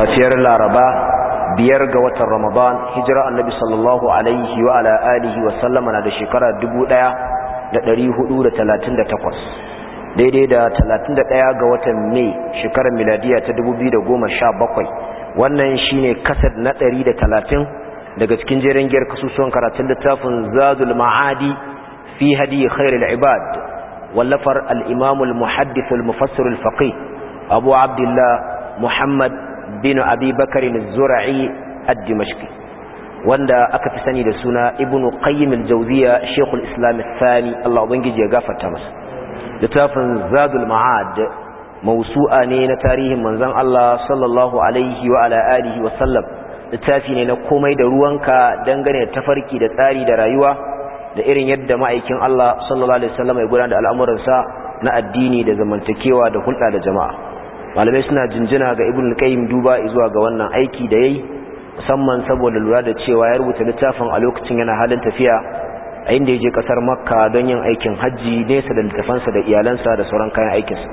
safiyar laraba biyar ga watan ramadan hijira annabi sallallahu alaihi wa ala alihi wa sallama na da shekara takwas daidai da talatin da daya ga watan mai shekarar miladiya ta dubu biyu da goma sha bakwai. wannan shi ne kasar na dari da talatin daga cikin jerin giyar kasusuwan karatun littafin zadul ma'adi fi hadi khairul ibad wallafar al-imam al-muhaddith al-mufassir al-faqih abu abdullah muhammad bin abi bakarin zura'i ad-dimashqi wanda aka fi sani da suna ibnu qayyim al-jawziya shaykhul islam al-thani Allah ubangiji ya gafarta masa littafin zadul ma'ad mawsu'a ne na tarihin manzon Allah sallallahu alaihi wa ala alihi wa sallam littafi ne na komai da ruwanka dangane da tafarki da tsari da rayuwa da irin yadda ma'aikin Allah sallallahu alaihi ya gudanar da al'amuransa na addini da zamantakewa da hulɗa da jama'a malamai suna jinjina ga ibn qayyim duba zuwa ga wannan aiki da yayi musamman saboda lura da cewa ya rubuta littafin a lokacin yana halin tafiya a inda yake kasar makka don yin aikin hajji nesa da littafansa da iyalansa da sauran kayan aikinsa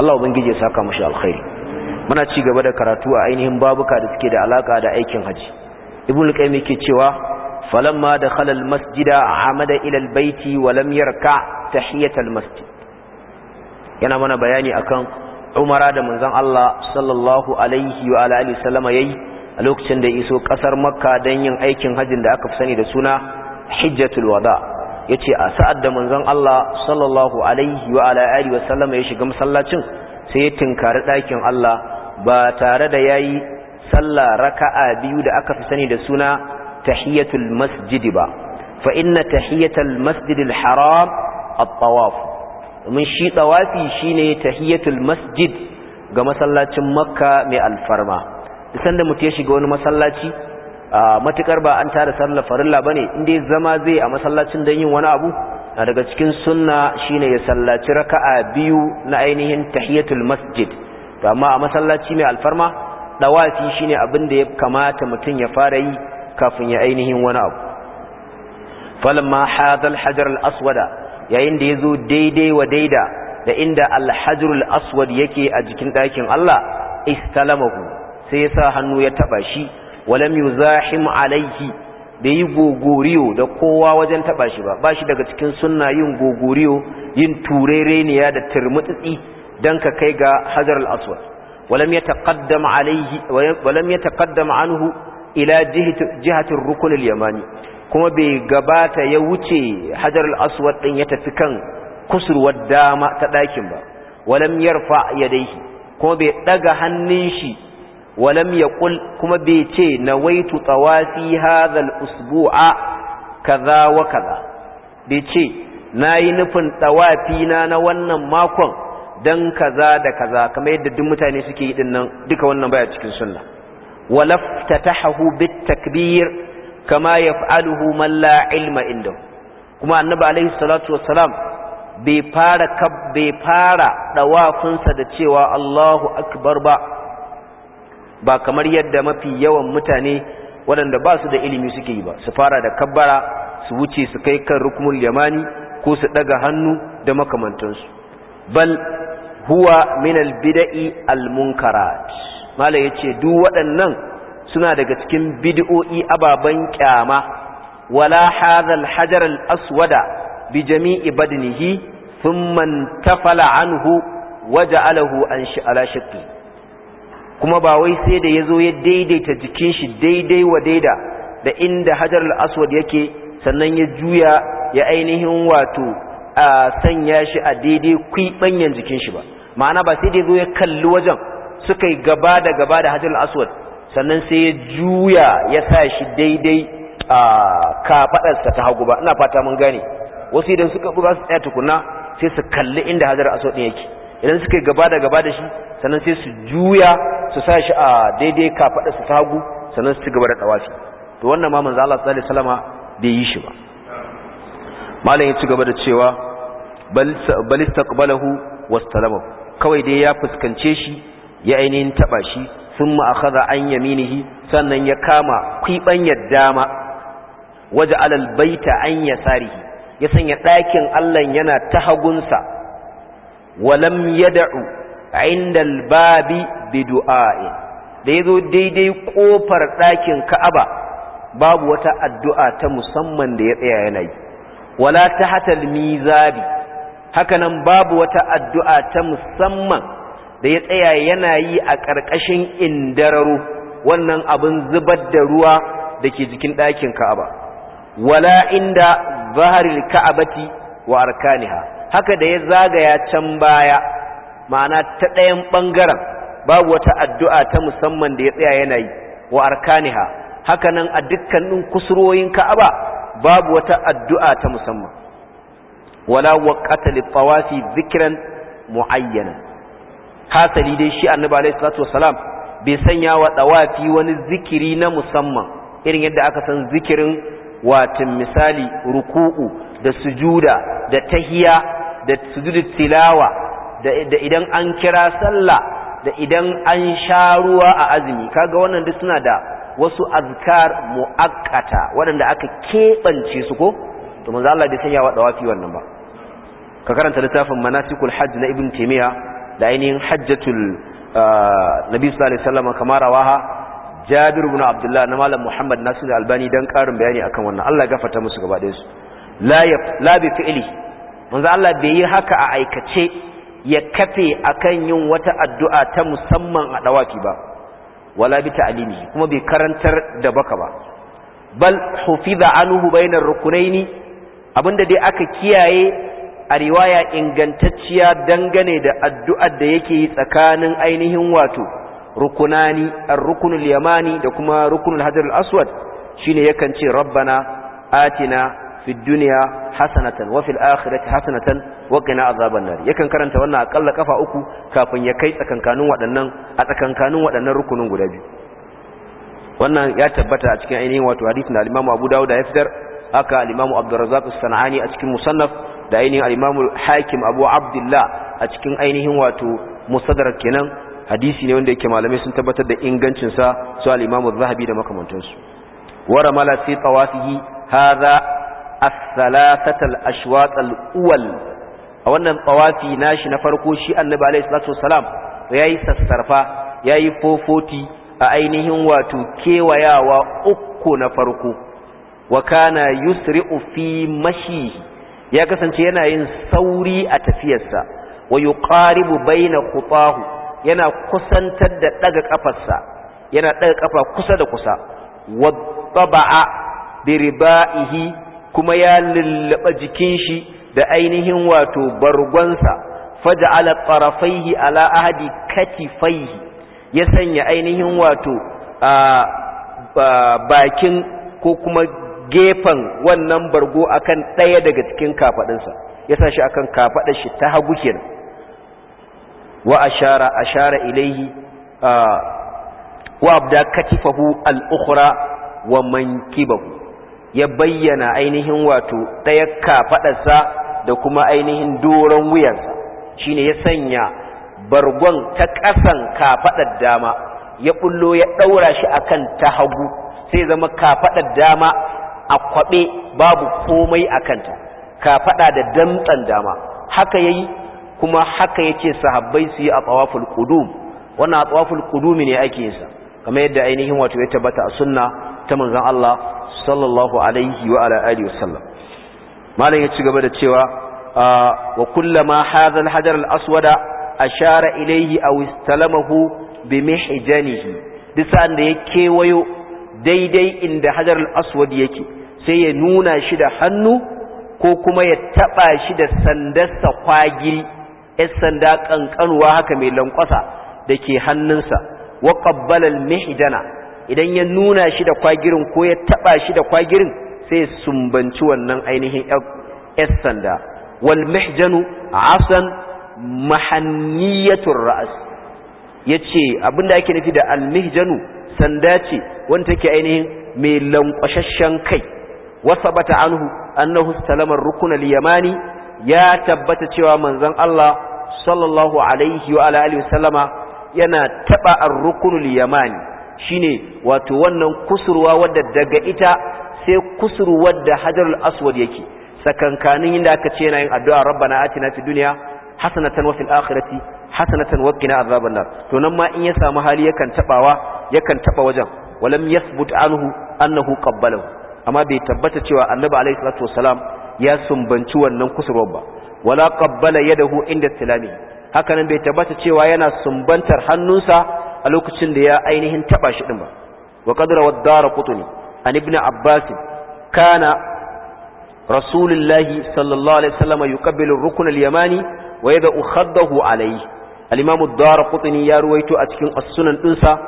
Allah ubangije ya saka mushi alkhairi muna ci gaba da karatu a ainihin babuka da suke da alaka da aikin haji ibn qayyim yake cewa falamma dakhala almasjida amada ila albayti wa lam yarka tahiyatal masjid yana mana bayani akan umara da manzon Allah sallallahu alaihi wa alihi sallama yayi a lokacin da iso kasar makka don yin aikin hajjin da aka fi sani da suna hijjatul wada yace a sa'ad da manzon Allah sallallahu alaihi wa alihi wa sallama ya shiga masallacin sai ya tinkari dakin Allah ba tare da yayi sallah raka'a biyu da aka fi sani da suna tahiyatul masjid ba fa inna tahiyatul masjidil haram at-tawaf domin shi tawafi shine tahiyyatul masjid ga masallacin makka mai alfarma sanda mutu ya shiga wani masallaci matukar ba an tara sallar farilla ne, inda zama zai a masallacin don yin wani abu na daga cikin sunna ne ya sallaci raka'a biyu na ainihin tahiyyatul masjid to amma a masallaci mai alfarma dawafi shine abin da ya kamata mutum ya fara yi kafin ya ainihin wani abu falamma hadal hajar al-aswada yayin da ya zo daidai wa daida da inda alhajrul aswad yake a jikin ɗakin Allah istalamahu sai ya sa hannu ya taɓa shi walam yuzahim Alayhi, bai yi gogoriyo da kowa wajen taba shi ba ba shi daga cikin sunna yin gogoriyo yin turereniya da turmutsitsi dan ka kai ga hajarul aswad walam yataqaddam alaihi yataqaddam anhu ila jihati jihati ar al-yamani kuma bai gabata ya wuce hajar aswad ɗin ya tafi kan kusurwar dama ta ɗakin ba walam yarfa yadayhi kuma bai ɗaga hannun shi walam kul kuma bai ce nawaitu tawafi hadha al-usbu'a kaza wa kaza bai ce nayi nufin tawafi na na wannan makon dan kaza da kaza kamar yadda duk mutane suke yi dinnan duka wannan baya cikin sunna walaftatahu bit takbir kama ya man la ilma inda kuma annabi alaihi salatu wassalam bai fara bai fara dawafinsa da cewa Allahu akbar ba ba kamar yadda mafi yawan mutane waɗanda ba su da ilimi suke yi ba su fara da kabbara su wuce su kai kan rukumul yamani ko su ɗaga hannu da makamantansu bal huwa min al bid'i al munkarat yace duk waɗannan suna daga cikin bid'o'i ababan kyama wala hadhal hajar al aswada bi jami'i badnihi thumma tafala anhu waja'alahu an ala shakki kuma ba wai sai da yazo ya daidaita jikin shi daidai wa daida da inda hajar al aswad yake sannan ya juya ya ainihin wato a sanya shi a daidai kwibanyan jikin shi ba ma'ana ba sai da yazo ya kalli wajen suka yi gaba da gaba da hajar al aswad sannan sai ya juya ya sa shi daidai a kafadarsa ta hagu ba ina fata mun gane wasu idan suka buga su tsaya tukuna sai su kalli inda hazar aso din yake idan suka gaba da gaba da shi sannan sai su juya su sa shi a daidai kafadarsa ta hagu sannan su cigaba da tawafi to wannan ma manzo Allah sallallahu alaihi wasallama bai yi shi ba malam ya ci gaba da cewa bal istaqbalahu wastalama kawai dai ya fuskance shi ya ainihin taba shi sun ma'akaza an yaminihi sannan ya kama kwiɓanyar dama waje alal baita an ya tsarihi ya sanya ɗakin allah yana ta hagunsa walam ya da'u inda albabi bi da ya zo daidai ƙofar ɗakin ka'aba babu wata addu'a ta musamman da ya tsaya yanayi wala ta hatal mizabi hakanan babu wata addu'a ta musamman da ya tsaya yana yi a ƙarƙashin indararu wannan abin zubar da ruwa da ke jikin ɗakin ka'aba wala inda zaharil ka'abati wa arkaniha haka da ya zagaya can baya ma'ana ta ɗayan ɓangaren babu wata addu'a ta musamman da ya tsaya yana yi wa arkaniha haka nan a dukkanin kusurwoyin ka'aba babu wata addu'a ta musamman wala wa lit-tawafi zikiran mu'ayyana hasali dai shi annabi alaihi salatu wasalam bai sanya wa dawafi wani zikiri na musamman irin yadda aka san zikirin watin misali ruku'u da sujuda da tahiya da sujudu tilawa da idan an kira sallah da idan an sha ruwa a azumi kaga wannan duk suna da wasu azkar muakkata waɗanda aka keɓance su ko to manzo Allah bai sanya wa dawafi wannan ba ka karanta littafin manasikul hajj na ibn taymiya da ainihin hajjatul uh, nabi sallallahu alaihi wasallam kamar rawaha jabir ibn abdullah na malam muhammad nasir albani dan karin bayani akan wannan Allah gafarta musu gaba ɗayan su la ya la bi fi'li manzo Allah bai yi haka a aikace ya kafe akan yin wata addu'a ta musamman a dawaki ba wala bi ta'limi kuma bai karantar da baka ba bal hufiza anhu bainar rukunaini abinda dai aka kiyaye a riwaya ingantacciya dangane da addu'ar da yake yi tsakanin ainihin wato rukunani ar-rukunul yamani da kuma rukunul hajarul aswad shine yakan ce rabbana atina fid dunya hasanatan wa fil akhirati hasanatan wa qina azaban nar yakan karanta wannan akalla kafa uku kafin ya kai tsakankanin waɗannan a tsakankanin waɗannan rukunin guda biyu wannan ya tabbata a cikin ainihin wato hadisin da al-Imam Abu Dawud da ya haka al-Imam Abdurrazzaq as-Sanani a cikin musannaf da ainihin al’imamu Hakim Abu Abdullah a cikin ainihin wato musadar kenan hadisi ne wanda yake malamai sun tabbatar da ingancinsa su al’imamu zahabi da makamantansu wara mala sai tsawafihi hadha a salasata al Uwal, a wannan tsawafi nashi na farko shi Annabi alayhi salatu ya yi sassarfa ya yi fofoti, a ainihin wato kewayawa uku na farko wa kana yusri'u fi mashihi ya kasance yana yin sauri a tafiyarsa wa yuqaribu baina khutahu yana kusantar da ɗaga kafarsa yana ɗaga ƙafa kusa da kusa wa taba'a bi kuma ya lullaba jikin shi da ainihin wato bargonsa faj'ala tarafaihi ala ahadi katifaihi ya sanya ainihin wato bakin ko kuma gefen wannan bargo akan ɗaya daga cikin kafaɗinsa ya sa shi akan kafaɗar shi ta hagu kenan wa ashara ashara ilaihi wa abda katifahu al-ukhra wa mankibahu ya bayyana ainihin wato ɗaya kafaɗarsa da kuma ainihin doron wuyansa shine ya sanya bargon ta ƙasan kafaɗar dama ya bullo ya ɗaura shi akan ta hagu sai zama kafaɗar dama a kwaɓe babu komai a kanta ka faɗa da damtsan dama haka yayi kuma haka ce sahabbai su yi a tsawaful qudum wannan a tsawaful qudumi ne ake yin sa kamar yadda ainihin wato ya tabbata a sunna ta manzon Allah sallallahu alaihi wa ala alihi wasallam malam ya ci gaba da cewa wa kullama hadha al-hajar al-aswada ashara ilayhi aw istalamahu bi mihjanihi duk sa'an da ya kewayo daidai inda hajar al-aswad yake sai ya nuna shi da hannu ko kuma ya taba shi da sandarsa kwagiri yan sanda kankanuwa haka mai lankwasa da ke hannunsa wa qabbala al idan ya nuna shi da kwagirin ko ya taba shi da kwagirin sai ya sumbanci wannan ainihin yan sanda wal mihjanu asan mahanniyatur ra's yace abinda ake nufi da al-mihjanu sanda ce wanda take ainihin mai lankwashashshen kai wasabata anhu annahu salama rukun yamani ya tabbata cewa manzon Allah sallallahu alaihi wa alihi wasallama yana taba ar-rukun yamani shine wato wannan kusurwa wadda daga ita sai kusurwar da hajarul aswad yake sakankanin inda aka ce yana yin addu'a rabbana atina fid dunya hasanatan wa akhirati hasanatan wa qina azaban nar to nan ma in ya samu hali yakan tabawa yakan taba wajen walam yathbut anhu annahu qabbalahu amma bai tabbata cewa annabi alaihi salatu wasalam ya sumbanci wannan kusurwar ba wala qabbala yadahu inda salami haka nan bai tabbata cewa yana sumbantar hannunsa a lokacin da ya ainihin taba shi din ba wa qadra wa dara qutni an ibn abbas kana rasulullahi sallallahu alaihi wasallam yuqabbilu ar-rukn al-yamani wa yad'u khaddahu alayhi Alimamu imam ad ya ruwaito a cikin as-sunan dinsa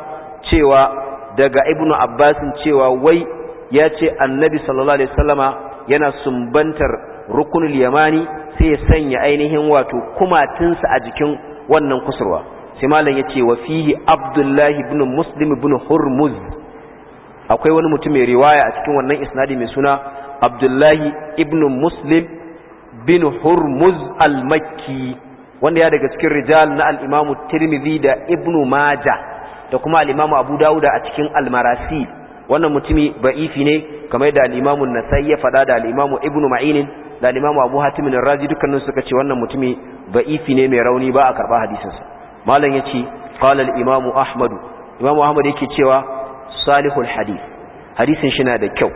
cewa daga ibnu abbas cewa wai ya ce annabi sallallahu alaihi wasallama yana sumbantar rukunul yamani sai ya sanya ainihin wato kumatinsa a jikin wannan kusurwa sai malam ya ce wa fihi abdullahi ibn muslim ibn hurmuz akwai wani mutum mai riwaya a cikin wannan isnadi mai suna abdullahi ibn muslim bin hurmuz al-makki wanda ya daga cikin rijal na al'imamu imamu tirmidhi da ibnu maja da kuma al'imamu abu dauda a cikin Almarasi wannan mutumi ba'ifi ne kamar da al'imamu imamu nasai ya fada da al'imamu ibnu ma'inin da al'imamu abu hatim bin razi dukkanin suka ce wannan mutumi ba'ifi ne mai rauni ba a karba hadisin malam yace qala al-imamu ahmad imamu ahmad yake cewa salihul hadith hadisin shi na da kyau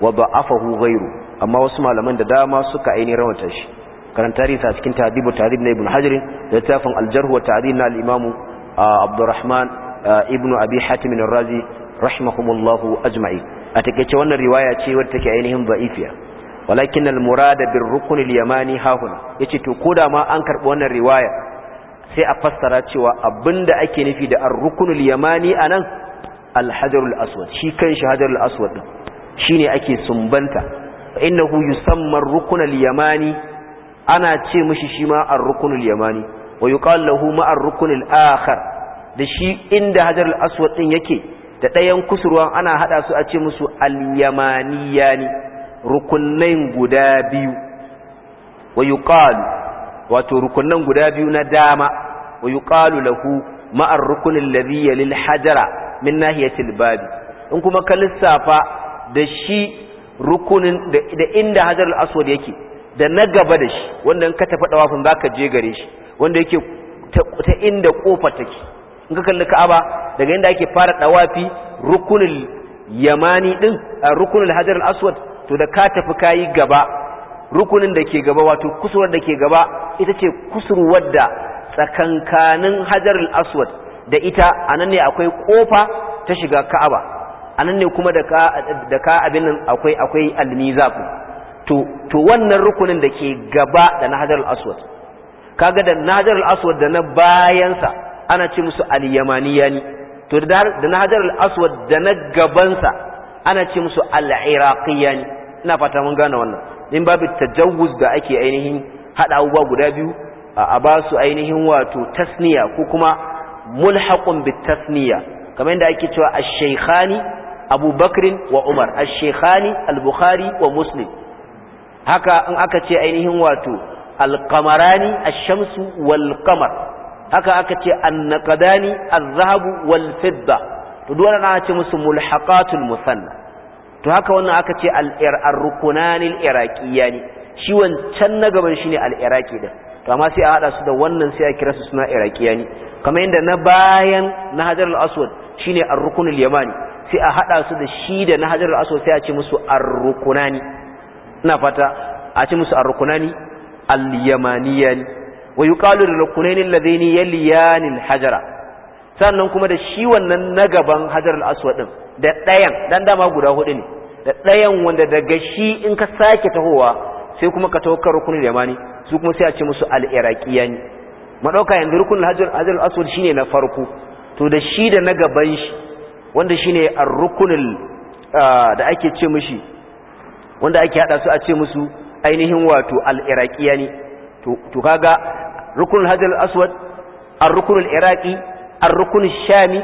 wa da'afahu gairu amma wasu malaman da dama suka ainihin rawanta shi karanta tarihi cikin tahdibu tahdib na ibn hajar da littafin aljarhu wa ta'dil na al-imam ah, abdurrahman ah, ibn abi hatim ar-razi rahimahumullah ajma'i a takeice wannan riwaya ce wadda take ainihin da'ifiya walakin al-murad bir rukn al-yamani hahuna yace to koda ma an karbi wannan riwaya sai a fassara cewa abinda ake nufi da ar-rukn al-yamani anan al-hajar al-aswad shi kanshi hajar al-aswad shine ake sumbanta innahu yusamma ar-rukn al-yamani ana ce mishi shi ma ar-rukunul yamani wa yuqal lahu ma ar-rukunul akhar da shi inda hajar al ɗin yake da ɗayan kusurwa ana haɗa su a ce musu al-yamaniyani rukunnan guda biyu wa wato rukunnan guda biyu na dama wa yuqalu lahu ma ar-rukun alladhi yalil hajara min nahiyati in kuma ka lissafa da shi rukunin da inda hajar al-aswad yake da na gaba da shi wanda in ka tafi dawafin ka je gare shi wanda yake ta inda kofa take in ka kalli Ka'aba daga inda ake fara dawafi rukunul yamani din rukunul hajar al-aswad to da ka tafi kayi gaba rukunin da ke gaba wato kusurwar da ke gaba ita ce kusurwar da tsakankanin hajar al-aswad da ita anan ne akwai kofa ta shiga Ka'aba anan ne kuma da ka abin nan akwai akwai al to wannan rukunin da ke gaba da na hajar al'aswad kaga da na hajar al'aswad da na bayansa ana ce musu al'yamaniya ne to da na hajar al'aswad da na gabansa ana ce musu al'iraqiya ne ina fata mun gane wannan in babu tajawuz da ake ainihin haɗa abubuwa guda biyu a ba su ainihin wato tasniya ko kuma mulhaqun bi tasniya kamar yadda ake cewa ash-shaykhani abubakrin wa umar ash-shaykhani al-bukhari wa muslim haka in aka ce ainihin wato alqamarani ash-shamsu wal qamar haka aka ce an alzahabu az-zahabu wal fidda to duk wannan aka ce musu mulhaqatul musanna to haka wannan aka ce al-rukunani al-iraqiyani shi wancan na gaban shine al-iraqi din to amma sai a hada su da wannan sai a kira su suna iraqiyani kamar inda na bayan na hajar al-aswad shine ar-rukun yamani sai a hada su da shi da na hajar al-aswad sai a ce musu ar-rukunani na fata a ci musu a rukunani al yamaniyani wa yuqalu ar ya alladhini hajara sannan kuma da shi wannan na gaban hajar al-aswad da ɗayan dan dama guda hudu ne da ɗayan wanda daga shi in ka sake tahowa sai kuma ka tawakkar rukunin yamani su kuma sai a ce musu al-iraqiyani madauka yanzu rukunin hajar al-aswad shine na farko to da shi da na gaban shi wanda shine a rukunin ah, da ake ce mishi wanda ake hada su a ce musu ainihin wato al-iraqiya ne to kaga rukun hajar aswad ar al iraqi ar-rukunul shami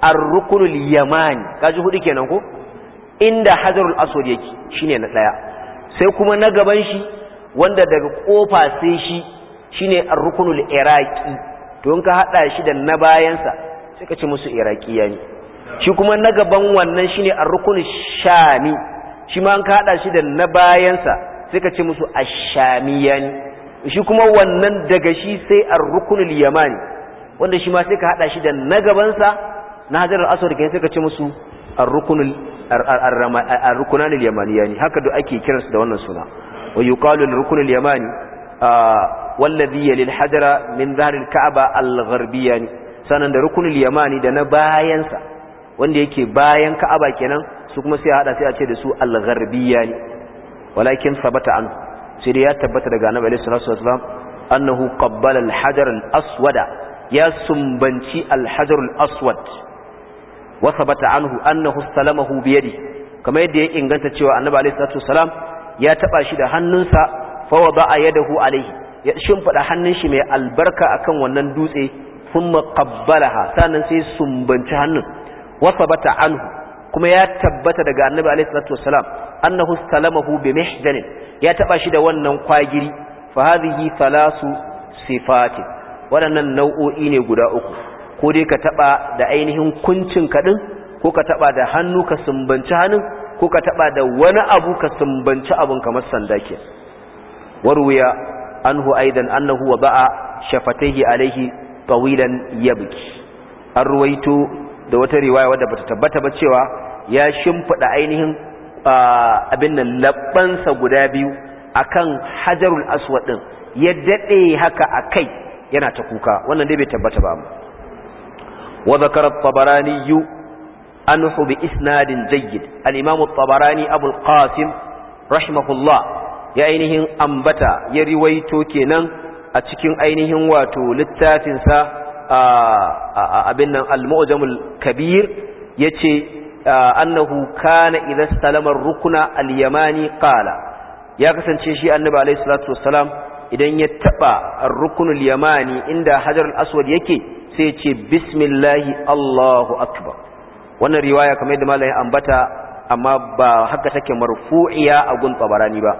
ar al yamani kaji hudu kenan ko inda hajarul aswad yake shine na daya sai kuma na gaban shi wanda daga kofa sai shi shine ar al iraqi to in ka hada shi da na bayansa sai ka ce musu iraqiya ne shi kuma na gaban wannan shine ar-rukunul shami shi ma an ka haɗa shi da na bayansa sai ka ce musu ashamiyani shi kuma wannan daga shi sai a ruknul yamani wanda shi ma sai ka haɗa shi da na gabansa na hajar al-aswad kenan sai ka ce musu ar-ruknul ar-ruknanul yamaniyani haka da ake kiransu da wannan suna wa yuqalu ar-ruknul yamani ah, والذي min الحجر ka'aba ظهر الكعبة الغربية sanan da rukunul yamani da na bayansa wanda yake bayan ka'aba kenan su kuma sai a hada sai a ce da su al-gharbiyya walakin sabata an sai dai ya tabbata daga annabi alaihi salatu wasallam annahu qabbala al-hajar al-aswada ya sumbanci al-hajar al-aswad wa sabata anhu annahu salamahu bi yadi kamar yadda ya inganta cewa annabi alaihi salatu wasallam ya taba shi da hannunsa fa wada'a yadahu alaihi ya shimfida hannun shi mai albarka akan wannan dutse thumma qabbalaha sannan sai sumbanci hannun wa sabata anhu kuma ya tabbata daga annabi alaihi salatu wasalam annahu salamahu bi ya taba shi da wannan kwagiri fa hadhihi thalasu sifati Wadannan nau'o'i ne guda uku ko dai ka taba da ainihin kuncin kaɗin. ko ka taba da hannu ka sumbanci hannun ko ka taba da wani abu ka sumbanci abun kamar sanda ke warwiya anhu aidan annahu wa ba'a shafataihi alaihi tawilan yabki an ruwaito da wata riwaya wadda bata tabbata ba cewa ya shimfida ainihin abin nan labbansa guda biyu akan hajarul aswad din ya dade haka akai yana ta kuka wannan dai bai tabbata ba wa zakara Yu tabarani anhu bi isnadin jayyid al-imam tabarani abul qasim rahimahullah ya ainihin ambata ya riwayato kenan a cikin ainihin wato littafinsa abin nan al-mu'jamul kabir yace annahu kana idza salama rukuna al-yamani qala ya kasance shi annabi alayhi salatu wassalam idan ya taba ar-rukunul yamani inda hajarul aswad yake sai ce bismillahi allahu akbar wannan riwaya kamar yadda malamin ambata amma ba haka take marfu'iya a gun tabarani ba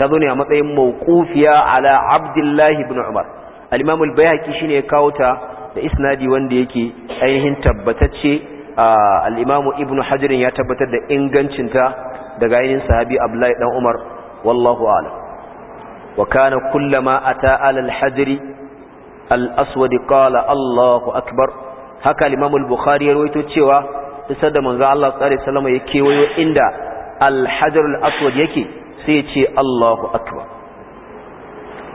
ta zo ne a matsayin mawqufiya ala abdullahi ibn umar al-imam al-bayhaqi shine ya kawo ta da isnadi wanda yake ainihin tabbatacce a imamu ibnu hajar ya tabbatar da ingancinta daga ainihin sahabi abdullahi dan umar wallahu a'lam wa kana kullama ata al-hajar al-aswad qala allahu akbar haka al bukhari ya cewa isa da manzan Allah sallallahu alaihi ya kewayo inda al-hajar al-aswad yake sai ya ce allahu akbar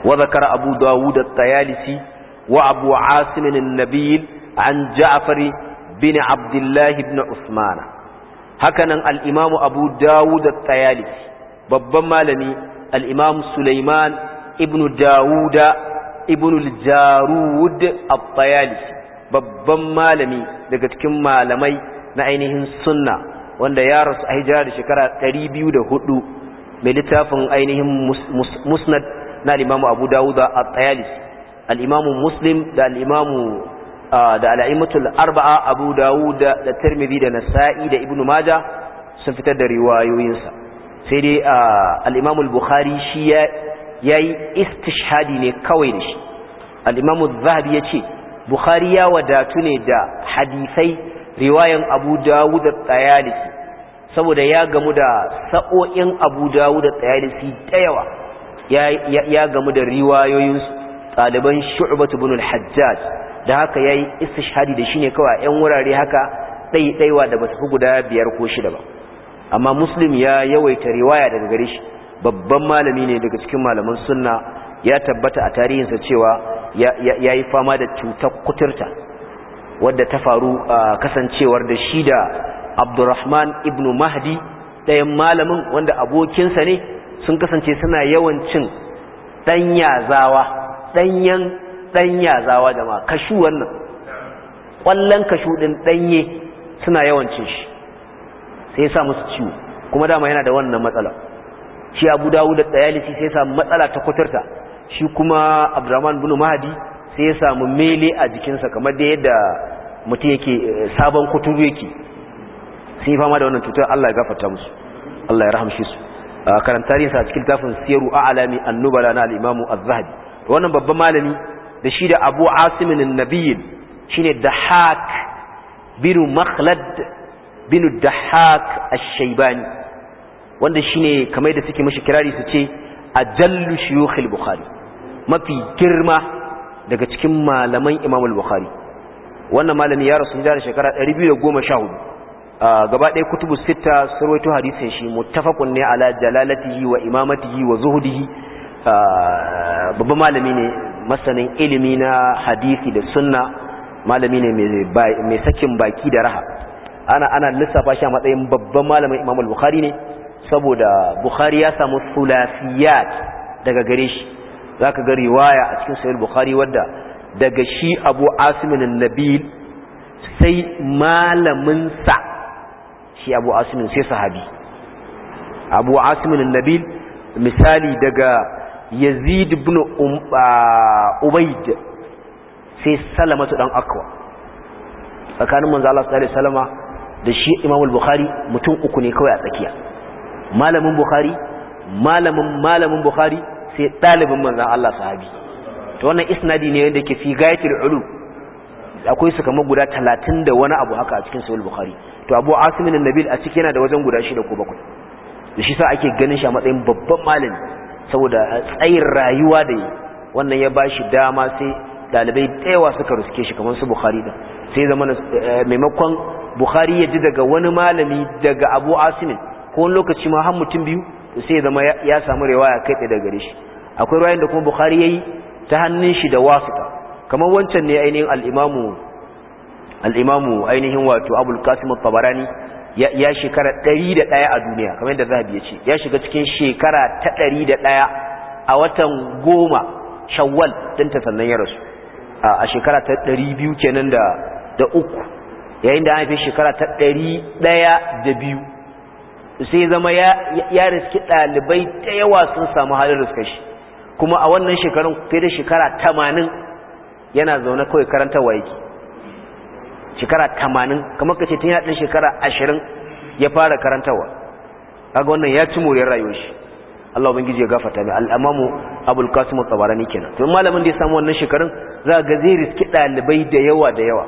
wa abu dawud da tayalisi وأبو عاصم النبيل عن جعفر بن عبد الله بن عثمان هكذا الإمام أبو داود الطيالي ببما لني الإمام سليمان ابن داود ابن الجارود الطيالي ببما لني لقد كما لمي نعينهم سنة wanda ya rasu a hijira da shekara 204 mai littafin ainihin musnad na limamu abu dawuda a tsayalisi al'imamu muslim da al'imamu da al'aimatul arba'a abu dawud da tirmidhi da nasa'i da ibnu maja sun fita da riwayoyinsa sai dai al'imamul bukhari shi ya yi istishadi ne kawai da shi al'imamul zahabi ya ce bukhari ya wadatu ne da hadisai riwayan abu dawud da tsayalisi saboda ya gamu da sa'o'in abu dawud da tsayalisi da ya gamu da riwayoyinsu ɗaliban shu'batu bin al-hajjaj da haka yayi istishhadi da shine kawai ɗan wurare haka ɗaiɗaiwa da basu fi guda biyar ko shida ba amma muslim ya yawaita riwaya daga gare shi babban malami ne daga cikin malaman sunna ya tabbata a tarihinsa cewa ya yi fama da cutar kuturta wadda ta faru kasancewar da shi da abdurrahman ibnu mahdi ɗayan malamin wanda abokinsa ne sun kasance suna yawan cin ɗan danyen danya zawa ma kashu wannan kwallon kashu din ɗanye suna yawan cin shi sai ya sa musu ciwo kuma dama yana da wannan matsala shi abu dawud da dayalisi sai ya sa matsala ta kwatarta shi kuma abdurrahman bin mahadi sai ya samu mele a jikinsa kamar da yadda mutum yake eh, sabon kuturu yake sai fama da wannan cutar Allah ya gafarta musu Allah ya rahamshi su karantarinsa a cikin tafin siyaru a'lami annubala na alimamu imamu zahabi wannan babban malami da shi da abu asimin annabiyin shine dahak bin makhlad bin dahak ash-shaybani wanda shine kamar da suke mishi kirari su ce a jallu al-bukhari mafi girma daga cikin malaman imamul al-bukhari wannan malami ya rasu da shekara 214 gaba ɗaya kutubu sita sarwaito hadisin shi mutafakun ne ala jalalatihi wa imamatihi wa zuhudihi babban malami ne masanin ilimi na hadisi da sunna malami ne mai sakin baki da raha ana ana lissafa shi a matsayin babban malamin Imam al-Bukhari ne saboda Bukhari ya samu sulasiyat daga gare shi zaka ga riwaya a cikin sahih Bukhari wadda daga shi Abu Asim an-Nabil sai malamin sa shi Abu Asim sai sahabi Abu Asim an-Nabil misali daga yazid ibn um, ah, ubayd sai salamatu dan akwa tsakanin manzo Allah sallallahu alaihi wasallama da shi Imam al-Bukhari mutum uku ne kawai a tsakiya malamin Bukhari malamin malamin Bukhari sai dalibin manzo Allah sahabi to wannan isnadi ne wanda yake fi gayatul ulu akwai su kamar guda 30 da wani abu haka a cikin sahih Bukhari to Abu Asim bin Nabil a cikin yana da wajen guda 6 ko 7 da shi sa ake ganin shi a matsayin babban malami saboda tsayin rayuwa da yi wannan ya ba shi dama sai dalibai tsayawa suka ruske shi kamar su bukhari da sai zama eh, maimakon bukhari ya ji daga wani malami daga abu asimin ko wani lokaci ma har mutum biyu sai ya zama ya samu ya kai tsaye daga gare shi akwai riwayar da kuma bukhari ya yi ta hannun shi da wasuka kamar wancan ne ainihin al'imamu ainihin wato abul kasimu tabarani ya shekara ɗari da ɗaya a duniya kamar yadda zahabi ya ce ya shiga cikin shekara ta ɗari da ɗaya a watan goma shawwal ta sannan ya rasu a shekara ta ɗari biyu kenan da uku yayin da an haife shekara ta ɗari ɗaya da biyu sai zama ya riski ɗalibai ta yawa sun samu halin riskar shi kuma a wannan shekarun fiye da shekara tamanin yana zaune kawai karanta waiki shekara tamanin kamar ka ce tun yana ɗan shekara ashirin ya fara karantawa kaga wannan ya ci moriyar rayuwar shi Allah gizo ya gafata mai al'amamu abul qasim ne kenan to malamin da ya samu wannan shekarun za ga zai riski ɗalibai da yawa da yawa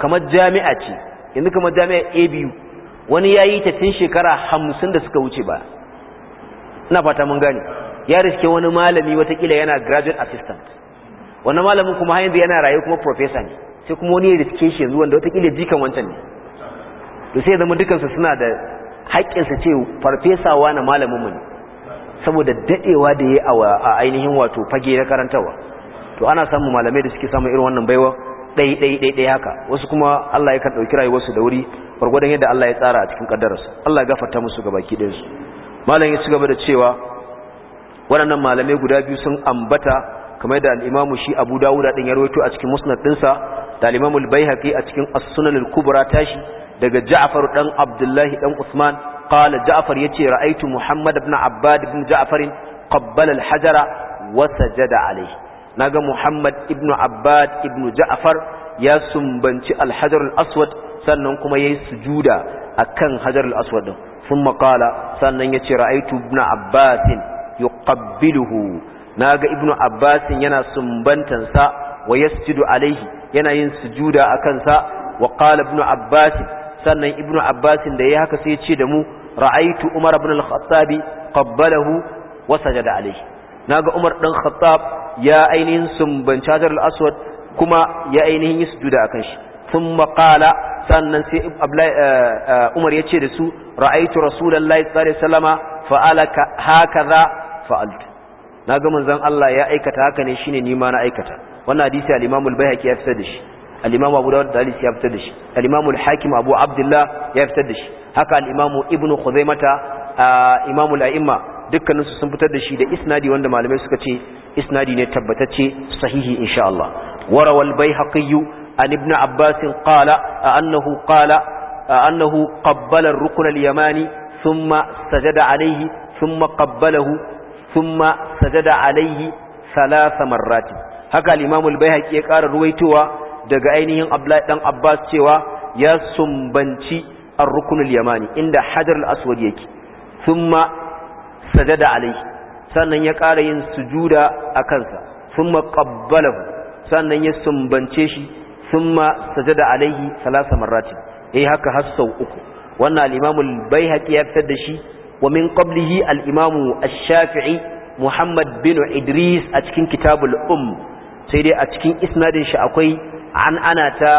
kamar jami'a ce yanzu kamar jami'a ABU wani yi ta tun shekara hamsin da suka wuce ba ina fata mun gane ya riske wani malami watakila yana graduate assistant wani malamin kuma hanyar yanzu yana rayu kuma professor ne sai kuma wani ya riske shi yanzu wanda watakila jikan wancan ne to sai zama dukansu suna da haƙƙinsa ce farfesa farfesawa na malamin mu ne saboda daɗewa da ya yi a ainihin wato fage na karantarwa to ana samun malamai da suke samun irin wannan baiwa ɗai ɗai ɗai ɗai haka wasu kuma Allah ya kan ɗauki rayuwarsu da wuri gwargwadon yadda Allah ya tsara a cikin ƙaddararsu Allah ya gafarta musu ga baki ɗayansu malam ya ci gaba da cewa waɗannan malamai guda biyu sun ambata kamar da al'imamu shi abu dawuda ɗin ya rawaito a cikin musnad ɗinsa da Imam al-Baihaqi a cikin As-Sunan al-Kubra tashi daga Ja'far dan Abdullahi dan Usman qala Ja'far yace ra'aytu Muhammad ibn Abbad ibn Ja'far qabbala al-hajara wa sajada alayhi naga Muhammad ibn Abbad ibn Ja'far ya sumbanci al-hajar al-aswad sannan kuma yayi sujuda akan hajar al-aswad din thumma qala sannan yace ra'aytu ibn Abbas yuqabbiluhu naga ibn Abbas yana sumbantansa wa yasjudu alayhi yana yin sujuda a kansa wa qala ibn abbas sannan ibn abbas da yi haka sai yace ce da mu ra'aitu umar ibn al-khattab qabbalahu wa sajada alayhi naga umar dan khattab ya ainihin sumbanci hajar al-aswad kuma ya ainihin yi sujuda akan shi thumma qala sannan sai eh, eh, umar ya ce da su ra'aitu rasulullahi sallallahu alaihi wasallama fa'ala hakaza fa'altu naga manzon Allah ya aikata haka ne shine nima na aikata wannan hadisi al-Imam al-Baihaqi ya fitar da shi al-Imam Abu Dawud da Al-Albani ya fitar da shi al-Imam al-Hakim Abu Abdullah ya fitar da shi haka al-Imam Ibn Khuzaimah Imam al-A'imma dukkan su sun fitar da shi da isnadi wanda malamai suka ce isnadi ne tabbatacce sahihi insha Allah warawa al-Baihaqi an Ibn Abbas qala annahu qala annahu qabbala ar-rukn al-yamani thumma sajada alayhi thumma qabbalahu thumma sajada alayhi ثلاث مرات haka al-Imam ya ƙara ruwaitowa daga ainihin Abdullahi dan Abbas cewa ya sumbanci ar-rukn al-yamani inda Hajar al-Aswad yake thumma sajada alayhi sannan ya ƙara yin sujuda a kansa thumma qabbalahu sannan ya sumbance shi thumma sajada alayhi thalatha marrati eh haka har sau uku wannan al-Imam al ya fitar da shi wa min qablihi al-Imam ash-Shafi'i Muhammad bin Idris a cikin Kitabul Umm sai dai a cikin isnadin shi akwai an ana ta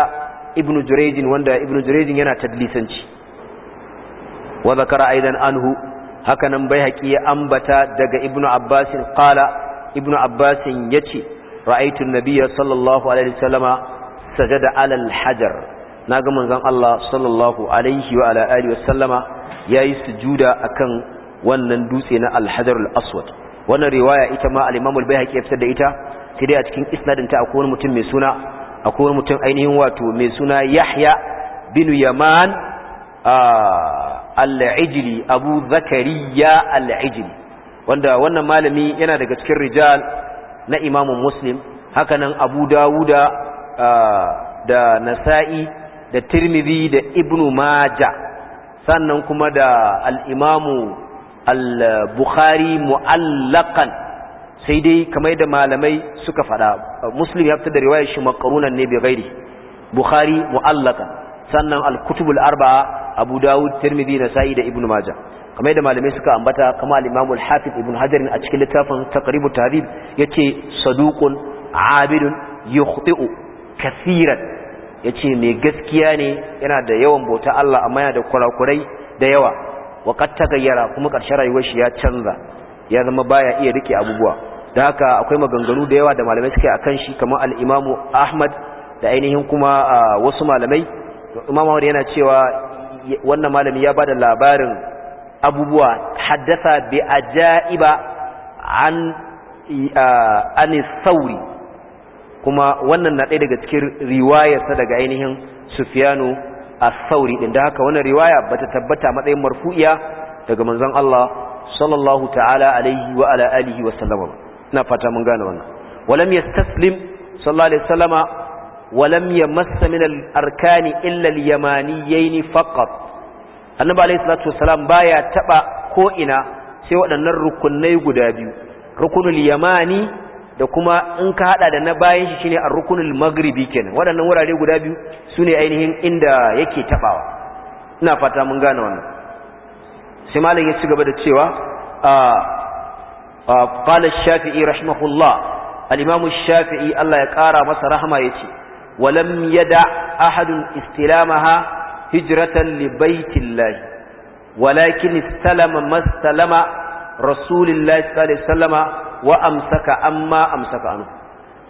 ibnu jurejin wanda ibnu jurejin yana lisanci wa zakara aidan anhu haka nan bai haƙi ya ambata daga ibnu abbasin qala ibnu abbasin yace ra'aytu nabiyya sallallahu alaihi salama sajada ala al-hajar naga manzon Allah sallallahu alaihi wa ala alihi wasallama yayi sujuda akan wannan dutse na Alhajar aswad wannan riwaya ita ma al-imam al-baihaqi ya fitar da ita sai dai a cikin isnadin ta akwai wani mutum mai suna akwai mutum ainihin wato mai suna Yahya bin Yaman al-Ijli Abu Zakariya al-Ijli wanda wannan malami yana daga cikin rijal na Imam Muslim hakanan Abu Dawuda da Nasa'i da Tirmidhi da Ibn Majah sannan kuma da al-Imam al-Bukhari mu'allaqan sai dai kamar da malamai suka faɗa muslim ya fita da riwayar shi makarunan ne bi gairi bukhari mu'allaka sannan al-kutubul arba'a abu dawud tirmidhi sa'i da ibnu majah kamar da malamai suka ambata kama al-imam al-hafiz ibn hajar a cikin littafin taqribut tahdhib yace saduqun abidun yukhti'u kaseeran yace mai gaskiya ne yana da yawan bauta Allah amma yana da kurakurai da yawa wa qad tagayyara kuma karshe rayuwar shi ya canza ya zama baya iya rike abubuwa da haka akwai maganganu da yawa da malamai suke a kan shi kamar al ahmad da ainihin kuma wasu malamai imamu ahmad yana cewa wannan malami ya bada labarin abubuwa haddasa bi ajaiba an an sauri kuma wannan na ɗaya daga cikin riwayarsa daga ainihin sufiyanu a sauri ɗin da haka wannan riwaya bata tabbata matsayin marfu'iya daga manzon Allah sallallahu ta'ala alaihi wa ala alihi wa sallama ina fata mun gane wannan walam yastaslim sallallahu alaihi wasallama walam yamassa min al-arkani illa al yamaniyyin faqat annabi alaihi salatu wasallam baya taba ko ina sai waɗannan rukunai guda biyu rukunul yamani da kuma in ka hada da na bayan shi shine ar-rukunul maghribi kenan waɗannan wurare guda biyu sune ainihin inda yake tabawa ina fata mun gane wannan sai malam ya ci gaba da cewa a ah, قال الشافعي رحمه الله الإمام الشافعي الله يقارى مس رحمة يتي ولم يدع أحد استلامها هجرة لبيت الله ولكن استلم ما استلم رسول الله صلى الله عليه وسلم وأمسك أما أمسك عنه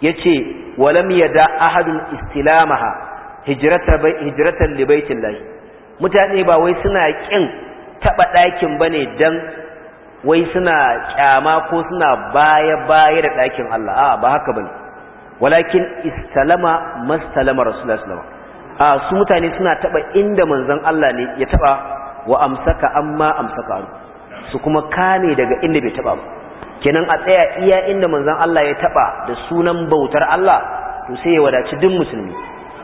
يتي ولم يدع أحد استلامها هجرة, بي هجرة لبيت الله mutane ba wai suna kin taba ɗakin bane dan wai suna kyama ko suna baya-baya da ɗakin Allah a ba haka bane walakin istalama mastalama rasulullahi sallallahu alaihi wasallam a su mutane suna taba inda manzon Allah ne ya taba wa amsaka amma amsaka su kuma kame daga inda bai taba ba kenan a tsaya iya inda manzon Allah ya taba da sunan bautar Allah to sai ya wadaci duk musulmi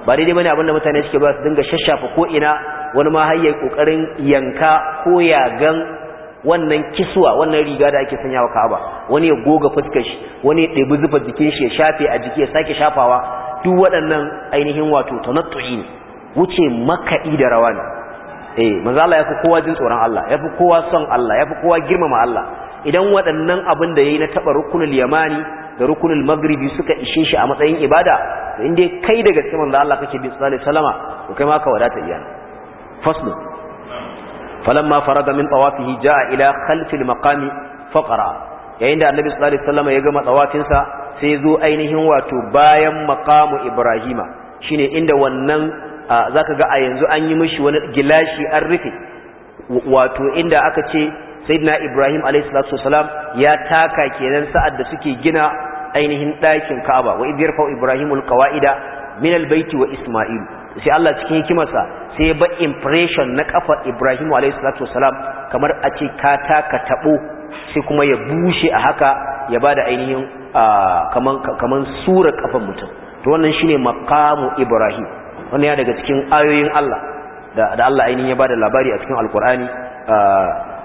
ba daidai bane abinda mutane suke ba su dinga shashafa ko ina wani ma har yayi kokarin yanka ko yagan wannan kiswa wannan riga da ake sanya wa Ka'aba wani ya goga fuskar shi wani ya ɗebi zufa jikin shi ya shafe a jiki ya sake shafawa duk waɗannan ainihin wato tanattu'i ne wuce makaɗi da rawa ne eh manzo Allah ya fi kowa jin tsoron Allah ya fi kowa son Allah ya fi kowa girmama Allah idan waɗannan abin da yayi na taba rukunul yamani da rukunul maghribi suka ishe shi a matsayin ibada in dai kai daga cikin manzo Allah kake bi sallallahu alaihi wasallama to kai ma ka wadata iyana faslu falamma faraga min tawafihi a ila khalfil maqami faqara yayin da annabi sallallahu alaihi ya gama tsawafinsa sai zo ainihin wato bayan maqamu ibrahima shine inda wannan zaka ga a yanzu an yi mishi wani gilashi an rufe wato inda aka ce sayyidina ibrahim alaihi salatu wasalam ya taka kenan sa'ad da suke gina ainihin ɗakin ka'aba wa idh Ibrahim ibrahimul qawa'ida min albayti wa isma'il sai Allah cikin hikimarsa sai ba impression na kafar Ibrahim alayhi salatu wasalam kamar a ce ka taka tabo sai kuma ya bushe a haka ya bada ainihin kaman kaman sura kafar mutum to wannan shine maqamu Ibrahim wannan ya daga cikin ayoyin Allah da Allah ainihin ya bada labari a cikin Alkur'ani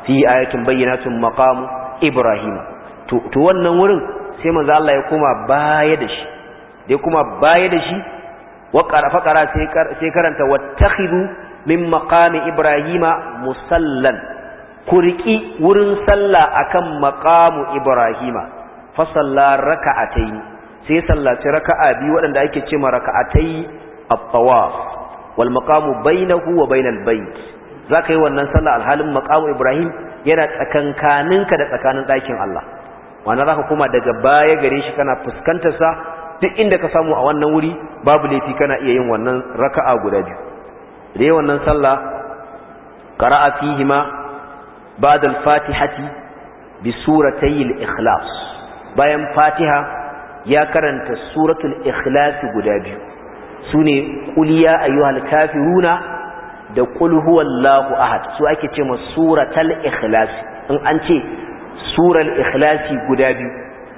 fi ayatin bayyinatun maqamu Ibrahim to to wannan wurin sai manzo Allah ya koma baya da shi dai kuma baya da shi وقرأ فقرأ سيكرنت واتخذوا من ibrahima musallan ku kuriki wurin sallah akan maqamu ibrahima fa salla raka'atayn sai sallaci raka'a biyu waɗanda ake cewa raka'atay at-tawaf wal maqamu bainahu wa bainal bayt zaka yi wannan sallah alhalin maqamu ibrahim yana tsakankaninka da tsakanin ɗakin Allah wannan zaka kuma daga baya gare shi kana fuskantar sa duk inda ka samu a wannan wuri babu laifi kana iya yin wannan raka'a guda biyu da yawan nan sallah qara'a fihi ma ba'da al-fatihati bi suratay al-ikhlas bayan fatiha ya karanta suratul ikhlas guda biyu sune qul ya ayyuhal kafiruna da qul huwallahu ahad su ake ce ma suratul ikhlas in an ce surar ikhlasi guda biyu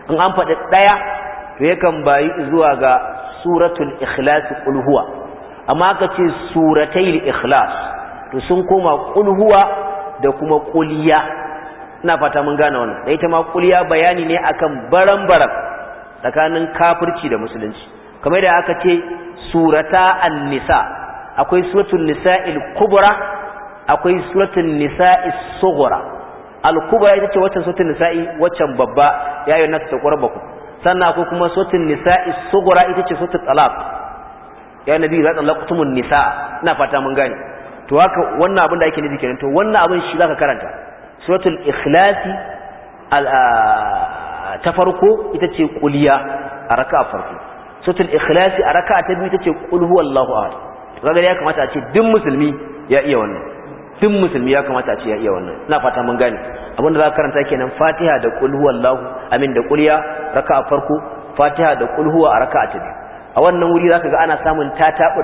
in an faɗi ɗaya to yakan bayi zuwa ga suratul ikhlas kulhuwa huwa amma ka ce suratai ikhlas to sun koma kul huwa da kuma kuliya ina fata mun gane wannan da ita ma quliya bayani ne akan baran-baran tsakanin kafirci da musulunci kamar da aka ce surata an-nisa akwai suratul nisa'il kubra akwai suratul nisa'is sughra al-kubra ita ce wata suratul nisa'i waccan babba ya ayyuhan nasu taqrabukum sannan akwai kuma sotin nisa isogora ita ce sotun talaq ya nabi za ta laqtumun nisa ina fata mun gane to haka wannan abin da ake nufi kenan to wannan abin shi ka karanta suratul ikhlasi ta farko ita ce kuliya a raka a farko suratul ikhlasi a raka'a ta biyu ita ce qul huwallahu ahad kaga ya kamata a ce duk musulmi ya iya wannan duk musulmi ya kamata a ce ya iya wannan ina fata mun gane abinda za ka karanta kenan fatiha da qul huwallahu amin da qulya raka farko fatiha da qul a raka ta biyu a wannan wuri za ka ga ana samun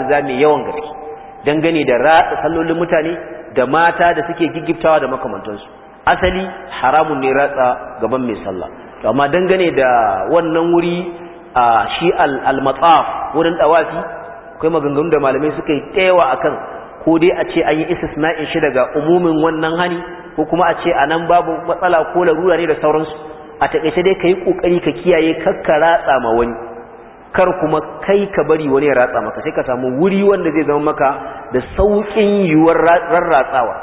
za mai yawan gaske dangane da ratsa sallolin mutane da mata da suke gigiftawa da makamantansu asali haramun ne ratsa gaban mai sallah to amma dangane da wannan wuri a shi al matsaf wurin dawafi akwai maganganun da malamai suka yi tsayawa akan ko dai a ce an yi istisna'in shi daga umumin wannan hani ko kuma a ce anan babu matsala ko larura ne da sauransu a takaice dai kai kokari ka kiyaye kakka ratsa ma wani kar kuma kai ka bari wani ya ratsa maka sai ka samu wuri wanda zai zama maka da saukin yiwuwar rarratsawa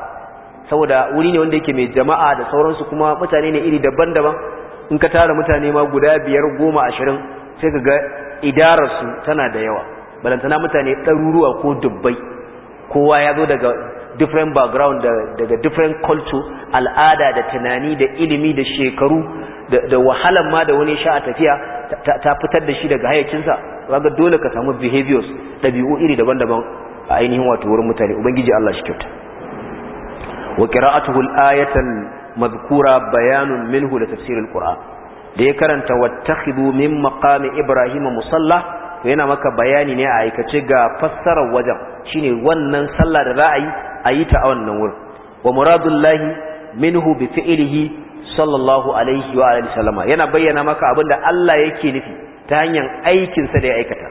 saboda wuri ne wanda yake mai jama'a da sauransu kuma mutane ne iri daban-daban in ka tara mutane ma guda biyar goma ashirin sai ka ga idararsu tana da yawa balantana mutane ɗaruruwa ko dubbai kowa ya zo daga different background daga different culture al'ada da tunani da ilimi da shekaru da wahalar ma da wani sha a tafiya ta fitar da shi daga hayyacinsa kaga dole ka samu behaviors ɗabi'u iri daban-daban a ainihin wato wurin mutane ubangiji Allah shi kyauta wa qira'atuhu al-ayatan madhkura bayanun minhu da tafsirin qur'an da ya karanta wattakhidhu min maqami ibrahima musalla yana maka bayani ne a aikace ga fassarar wajen shine wannan sallah da za a yi. a yi ta a wannan wurin wa muradullahi minhu bi fi'lihi sallallahu alaihi wa alihi sallama yana bayyana maka abinda Allah yake nufi ta hanyar aikin sa da ya aikata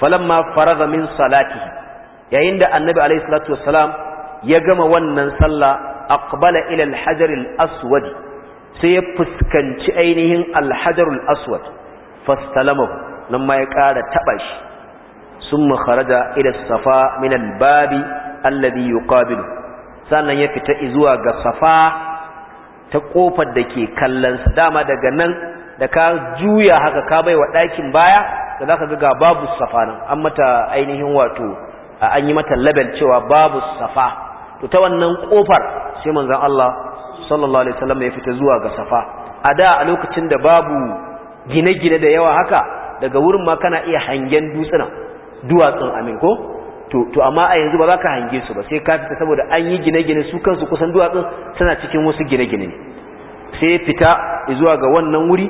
falamma faraga min salatihi yayin da annabi alaihi salatu wassalam ya gama wannan sallah aqbala ila al-hajar al-aswad sai ya fuskanci ainihin al-hajar al-aswad fastalamahu nan ma ya ƙara taba shi summa kharaja ila safa min al alladhi yuqabilu sannan ya fita zuwa ga safa ta kofar da ke kallon sa dama daga nan da ka juya haka ka bai wa ɗakin baya da zaka ga babu safa nan an mata ainihin wato an yi mata label cewa babu safa to ta wannan kofar sai manzon Allah sallallahu alaihi wasallam ya fita zuwa ga safa a da a lokacin da babu gine-gine da yawa haka daga wurin ma kana iya hangen dutsuna duwatsun amin ko to amma a yanzu ba za ka hange su ba sai ka fita saboda an yi gine-gine su kansu kusan duwatsun suna cikin wasu gine-gine sai fita zuwa ga wannan wuri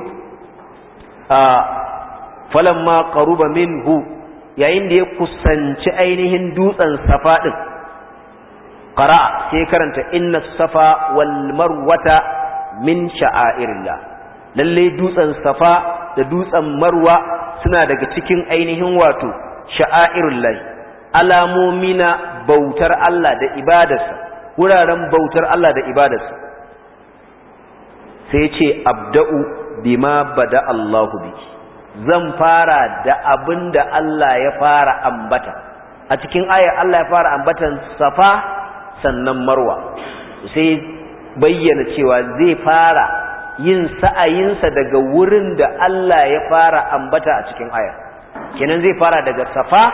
a falamma min hu. yayin da ya kusanci ainihin dutsen safa din qara sai karanta inna safa wal marwata min sha'airillah lalle dutsen safa da dutsen marwa suna daga cikin ainihin wato sha'airullahi alamomi na bautar Allah da ibadarsa wuraren bautar Allah da ibadarsa sai ce abda'u bima bada Allahu biki zan fara da abin da Allah ya fara ambata a cikin ayar Allah ya fara ambatan safa sannan marwa sai bayyana cewa zai fara yin sa'ayinsa daga wurin da Allah ya fara ambata a cikin ayar. kenan zai fara daga safa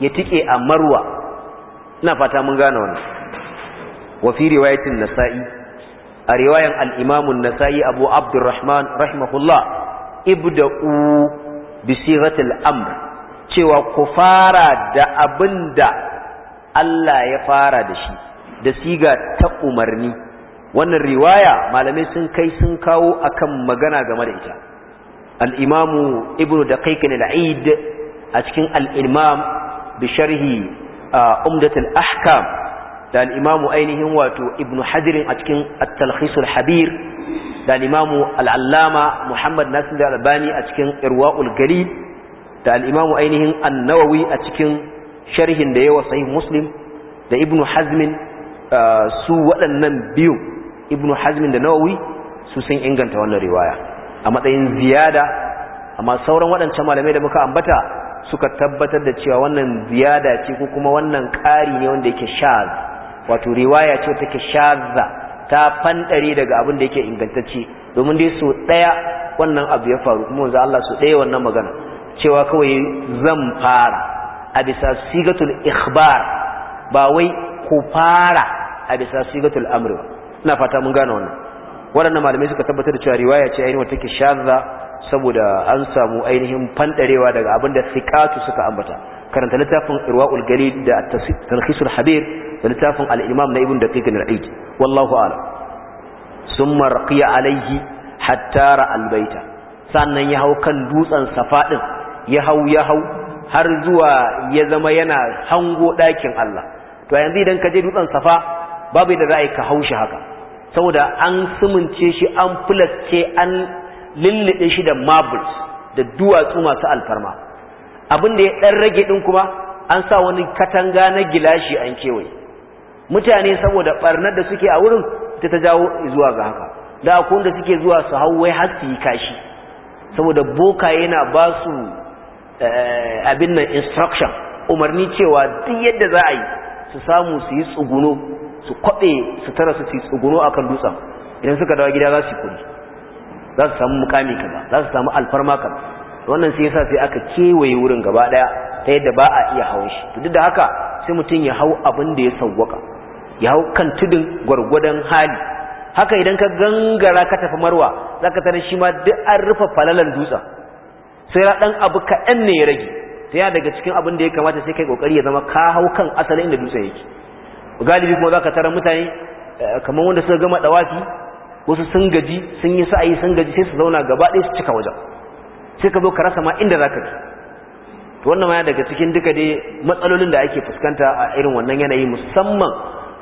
ya tike a marwa ina fata mun gane wannan Wafi fi riwayatin nasa'i a riwayan al-imam an-nasa'i abu abdurrahman rahimahullah ibda'u bi sighatil amr cewa ku fara da abinda Allah ya fara da shi da siga ta umarni wannan riwaya malamai sun kai sun kawo akan magana game da ita al-imamu ibnu daqiq al-aid a cikin al bisharhi umdatul ahkam da al'imamu ainihin wato ibn hadirin a cikin at-talkhisul habir da al'imamu al'allama muhammad nasir da albani a cikin irwa'ul galil da al'imamu ainihin annawawi a cikin sharhin da yawa sahih muslim da ibn hazmin su waɗannan biyu ibn hazmin da nawawi su sun inganta wannan riwaya a matsayin ziyada amma sauran waɗancan malamai da muka ambata suka tabbatar da cewa wannan ziyada ce ko kuma wannan ƙari ne wanda yake shaz wato riwaya ce take shazza ta fandare daga abin da yake ingantacce domin dai so daya wannan abu ya faru kuma wanzu Allah so daya wannan magana cewa kawai zan fara a bisa sigatul ikhbar ba wai ku fara a bisa sigatul amr ba ina fata mun gane wannan waɗannan malamai suka tabbatar da cewa riwaya ce ainihin take shazza saboda an samu ainihin fandarewa daga abin da sikatu suka ambata karanta littafin irwaul gari da tarhisul habir da littafin al-imam na ibn daqiq na aid wallahu a'lam summa raqiya alayhi hatta ra sannan ya hau kan dutsen safa din ya hau ya hau har zuwa ya zama yana hango ɗakin Allah to yanzu idan ka je dutsen safa babu da za a yi ka haushi haka saboda an sumunce shi an fulasce an lullube shi da marbles da duwatsu masu alfarma abin da ya ɗan rage din kuma an sa wani katanga na gilashi an kewaye mutane saboda ɓarnar da suke a wurin ta ta jawo zuwa ga haka da akwai wanda suke zuwa su hau wai har su yi kashi saboda boka yana ba su eh, abin nan instruction umarni cewa duk yadda za a yi su samu su yi tsuguno su kwaɓe su tara su yi tsuguno akan dutsen idan suka dawo gida za su yi kuri za su samu mukami kaza za su samu alfarma kaza wannan sai yasa sai aka kewaye wurin gaba daya ta yadda ba a iya hawan shi to duk da haka sai mutum ya hau abin da ya sawwaka ya hau kan tudun gwargwadon hali haka idan ka gangara ka tafi marwa zaka tarar shi ma duk an rufe falalan dutsen sai ra dan abu kaɗan ne ya rage sai ya daga cikin abin da ya kamata sai kai kokari ya zama ka hau kan asalin inda dutsen yake galibi kuma zaka tarar mutane eh, kamar wanda suka gama ɗawafi. wasu sun gaji sun yi sa'ayi sun gaji sai su zauna gaba ɗaya su cika wajen sai ka zo ka rasa ma inda za ka ji to wannan ma daga cikin duka dai matsalolin da ake fuskanta a irin wannan yanayi musamman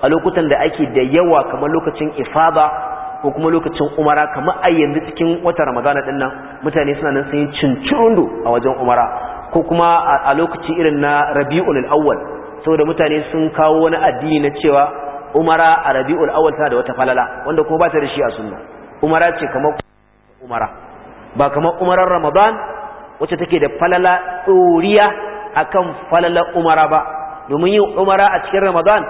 a lokutan da ake da yawa kamar lokacin ifada ko kuma lokacin umara kamar a yanzu cikin wata ramadana din nan mutane suna nan sun yi cincirundu a wajen umara ko kuma a lokaci irin na rabi'ul awwal saboda mutane sun kawo wani addini na cewa umara a rabi'ul awwal tana da wata falala wanda ko ba ta da shi a sunna umara ce kamar umara ba kamar umarar ramadan wacce take da falala tsoriya akan falala umara ba domin yin umara a cikin ramadan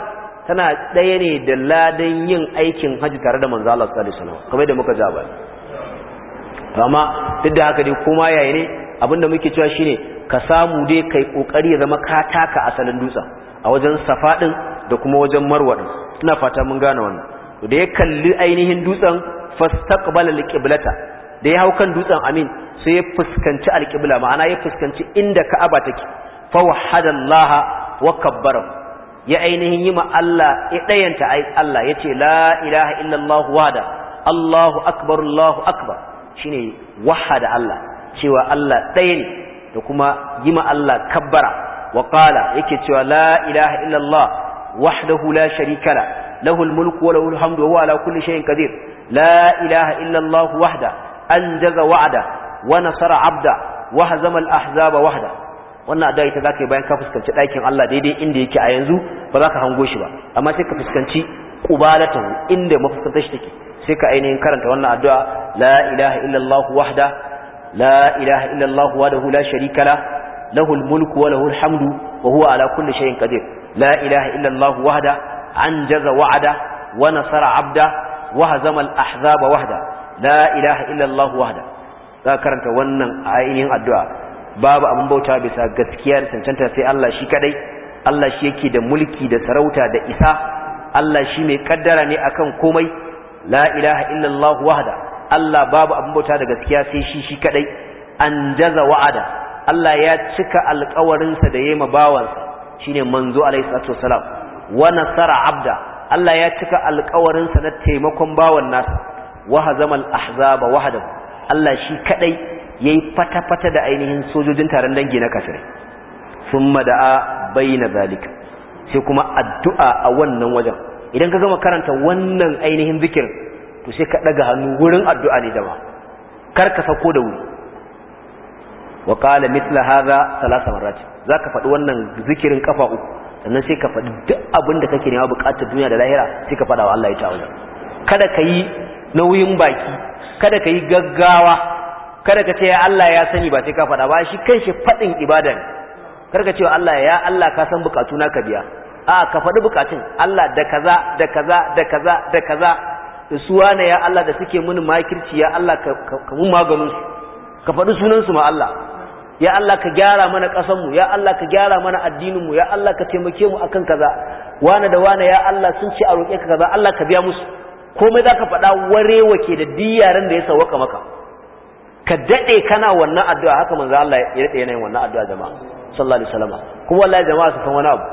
tana ɗaya ne da ladan yin aikin hajji tare da manzo Allah sallallahu alaihi wasallam kamar da muka ja amma duk da haka dai kuma yayi ne abinda muke cewa shine ka samu dai kai kokari zama ka taka asalin dutsen a wajen safaɗin da kuma wajen marwadin suna ina fata mun gane wannan To da ya kalli ainihin dutsen fastaqbala alqiblata da ya hau kan dutsen amin sai ya fuskanci alqibla ma'ana ya fuskanci inda ka'aba take fa wahadallaha wa kabbara ya ainihin yi Allah ya dayanta ai Allah yace la ilaha illallah wada Allahu akbar Allahu akbar shine wahada Allah cewa Allah ɗaya ne da kuma yi ma Allah kabbara wa qala yake cewa la ilaha illallah wahdahu la sharika la lahu almulku wa lahu alhamdu wa ala kulli shay'in qadir la ilaha illallah wahda anjaza wa'da wa nasara 'abda wa hazama alahzaba wahda wannan addu'a ita zaka yi bayan ka fuskanci ɗakin Allah daidai inda yake a yanzu ba za ka hango shi ba amma sai ka fuskanci qubalatahu inda mafuskantar shi take sai ka ainihin karanta wannan addu'a la ilaha illallah wahda la ilaha illallah wahdahu la sharika la lahul mulku wa lahul hamdu wa huwa ala kulli shay'in qadir la ilaha illa allah wahda anjaza wa'ada wa nasara abda wa hazama al ahzaba wahda la ilaha illa wahda za karanta wannan ainihin addu'a babu abin bauta bisa gaskiya da cancanta sai Allah shi kadai Allah shi yake da mulki da sarauta da isa Allah shi mai kaddara ne a kan komai la ilaha illa allah wahda Allah babu abin bauta da gaskiya sai shi shi kadai anjaza wa'ada Allah ya cika sa da yayi bawansa shine manzo alaihi salatu wasalam wa nasara abda Allah ya cika sa na taimakon bawan nasa wa hazamal ahzaba wahdahu Allah shi kadai yayi fata-fata da ainihin sojojin taron dangi na kafirai summa da'a bayna zalika sai kuma addu'a a wannan wajen idan ka gama karanta wannan ainihin zikir to sai ka daga hannu wurin addu'a ne dama kar ka sako da wuri wa qala mithla hadha thalatha marrat zaka faɗi wannan zikirin kafa uku sannan sai ka faɗi duk abin da kake nema buƙatar duniya da lahira sai ka faɗa wa Allah ya ta'ala kada ka yi nauyin baki kada ka yi gaggawa kada ka ce ya Allah ya sani ba sai ka faɗa ba shi kanshi faɗin ibada ne kar ka ce wa Allah ya Allah ka san buƙatu na ka biya a ka faɗi buƙatun Allah da kaza da kaza da kaza da kaza suwa ne ya Allah da suke mini makirci ya Allah ka mun maganin su ka faɗi sunan su ma Allah ya Allah ka gyara mana ƙasanmu ya Allah ka gyara mana addininmu ya Allah ka taimake mu akan kaza wane da wane ya Allah sun ce a roƙe ka kaza Allah ka biya musu komai za ka faɗa warewa ke da diyaran da ya sauwaka maka ka daɗe kana wannan addu'a haka manzo Allah ya daɗe yanayin wannan addu'a jama'a sallallahu alaihi wasallam kuma wallahi jama'a su san wani abu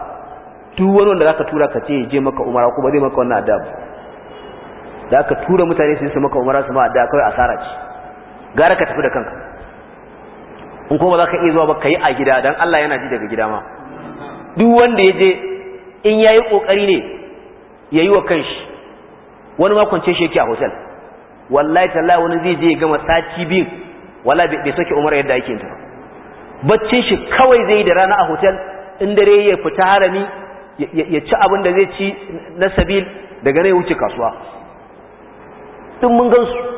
duk wani wanda zaka tura ka ce je maka umara ko ba zai maka wannan addu'a da aka tura mutane su yi su maka umara su ma addu'a kawai asara ce gara ka tafi da kanka in kuma za ka iya zuwa ba ka yi a gida don Allah yana ji daga gida ma duk wanda ya je in ya yi ƙoƙari ne ya yi wa kanshi wani makwance shi yake a hotel wallahi tallahi wani zai je ya gama sati biyu wala bai soke umar yadda ake yin ta baccin shi kawai zai yi da rana a hotel in dare ya fita harami ya ci abin da zai ci na sabil daga ya wuce kasuwa duk mun su.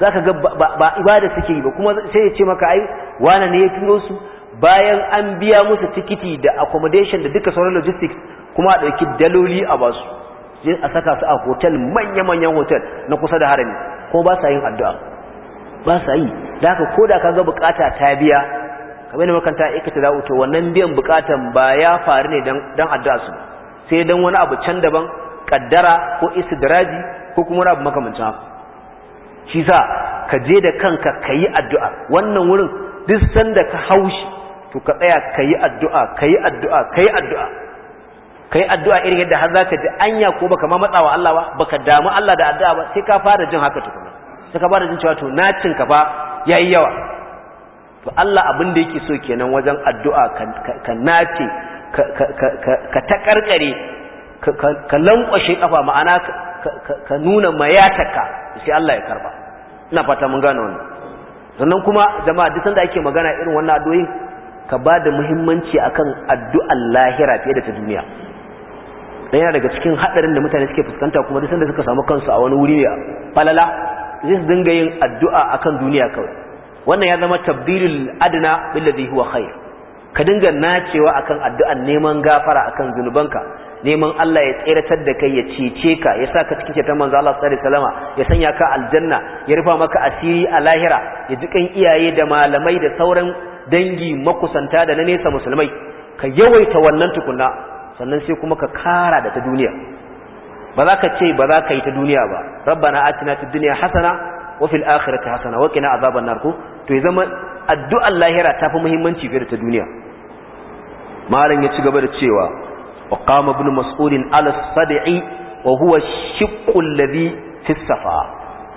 zaka ga ba ibada suke yi ba kuma sai ya ce maka ai wane ne ya turo su bayan an biya musu tikiti da accommodation da duka sauran logistics kuma a ɗauki daloli a basu sai a saka su a hotel manya-manyan hotel na kusa da harami kuma ba sa yin addu'a ba sa yi da haka ko da ka ga bukata ta biya kamar da makanta ta dawo to wannan biyan bukatan ba ya faru ne dan addu'a su sai dan wani abu can daban kaddara ko istidraji ko kuma wani abu makamancin haka shi sa ka je da kanka ka yi addu'a wannan wurin duk sanda ka haushi to ka tsaya ka yi addu'a ka yi addu'a ka yi addu'a ka yi addu'a irin yadda har za ka ji anya ko baka ma wa Allah ba baka damu Allah da addu'a ba sai ka fara jin haka tukuna sai ka fara jin cewa to na cin ka fa yi yawa to Allah abin da yake so kenan wajen addu'a ka nace ka takarkare ka lankwashe kafa ma'ana ka nuna mayataka sai Allah ya karba ina fata mun gane wannan sannan kuma jama'a duk sanda ake magana irin wannan addu'o'in ka ba da muhimmanci akan addu'an lahira fiye da ta duniya dan yana daga cikin hadarin da mutane suke fuskanta kuma duk sanda suka samu kansu a wani wuri falala zai dinga yin addu'a akan duniya kawai wannan ya zama tabdilul adna billadhi huwa khair ka dinga nacewa akan addu'an neman gafara akan zunubanka neman Allah ya tseratar da kai ya cece ka ya sa ka cikin kyautar manzo Allah sallallahu alaihi wasallama ya sanya ka aljanna ya rufa maka asiri a lahira ya jikan iyaye da malamai da sauran dangi makusanta da na nesa musulmai ka yawaita wannan tukunna sannan sai kuma ka kara da ta duniya ba za ka ce ba za ka yi ta duniya ba rabbana atina fid dunya hasana wa fil akhirati hasana wa qina azaban nar ku to ya zama addu'ar lahira tafi muhimmanci fiye da ta duniya malam ya ci gaba da cewa وقام ابن مسعود على الصدع وهو الشق الذي في الصفا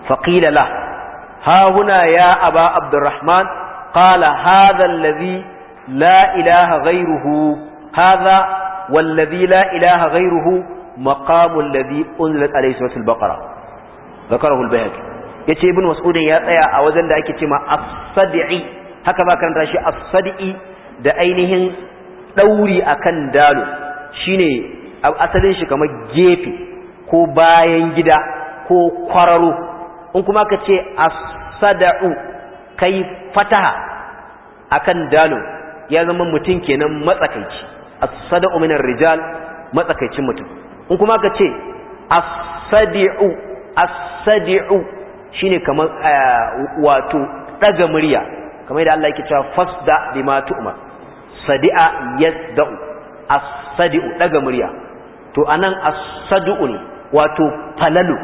فقيل له ها هنا يا أبا عبد الرحمن قال هذا الذي لا إله غيره هذا والذي لا إله غيره مقام الذي أنزلت عليه سورة البقرة ذكره البيهقي yace ibn mas'ud ya tsaya a wajen da ake cewa as-sadi'i haka ba karanta shi as-sadi'i da ainihin dauri akan dalu shine asalin shi kamar gefe ko bayan gida ko kwararo in kuma ka ce asada'u kai fataha akan dalo ya zama mutum kenan matsakaici asada'u minar rijal matsakaicin mutum in kuma ka ce asadi'u asadi'u shine kamar eh, wato daga murya kamar yadda Allah yake cewa fasda bima tu'mar sadi'a yasda'u asadu daga murya to anan as wato falalu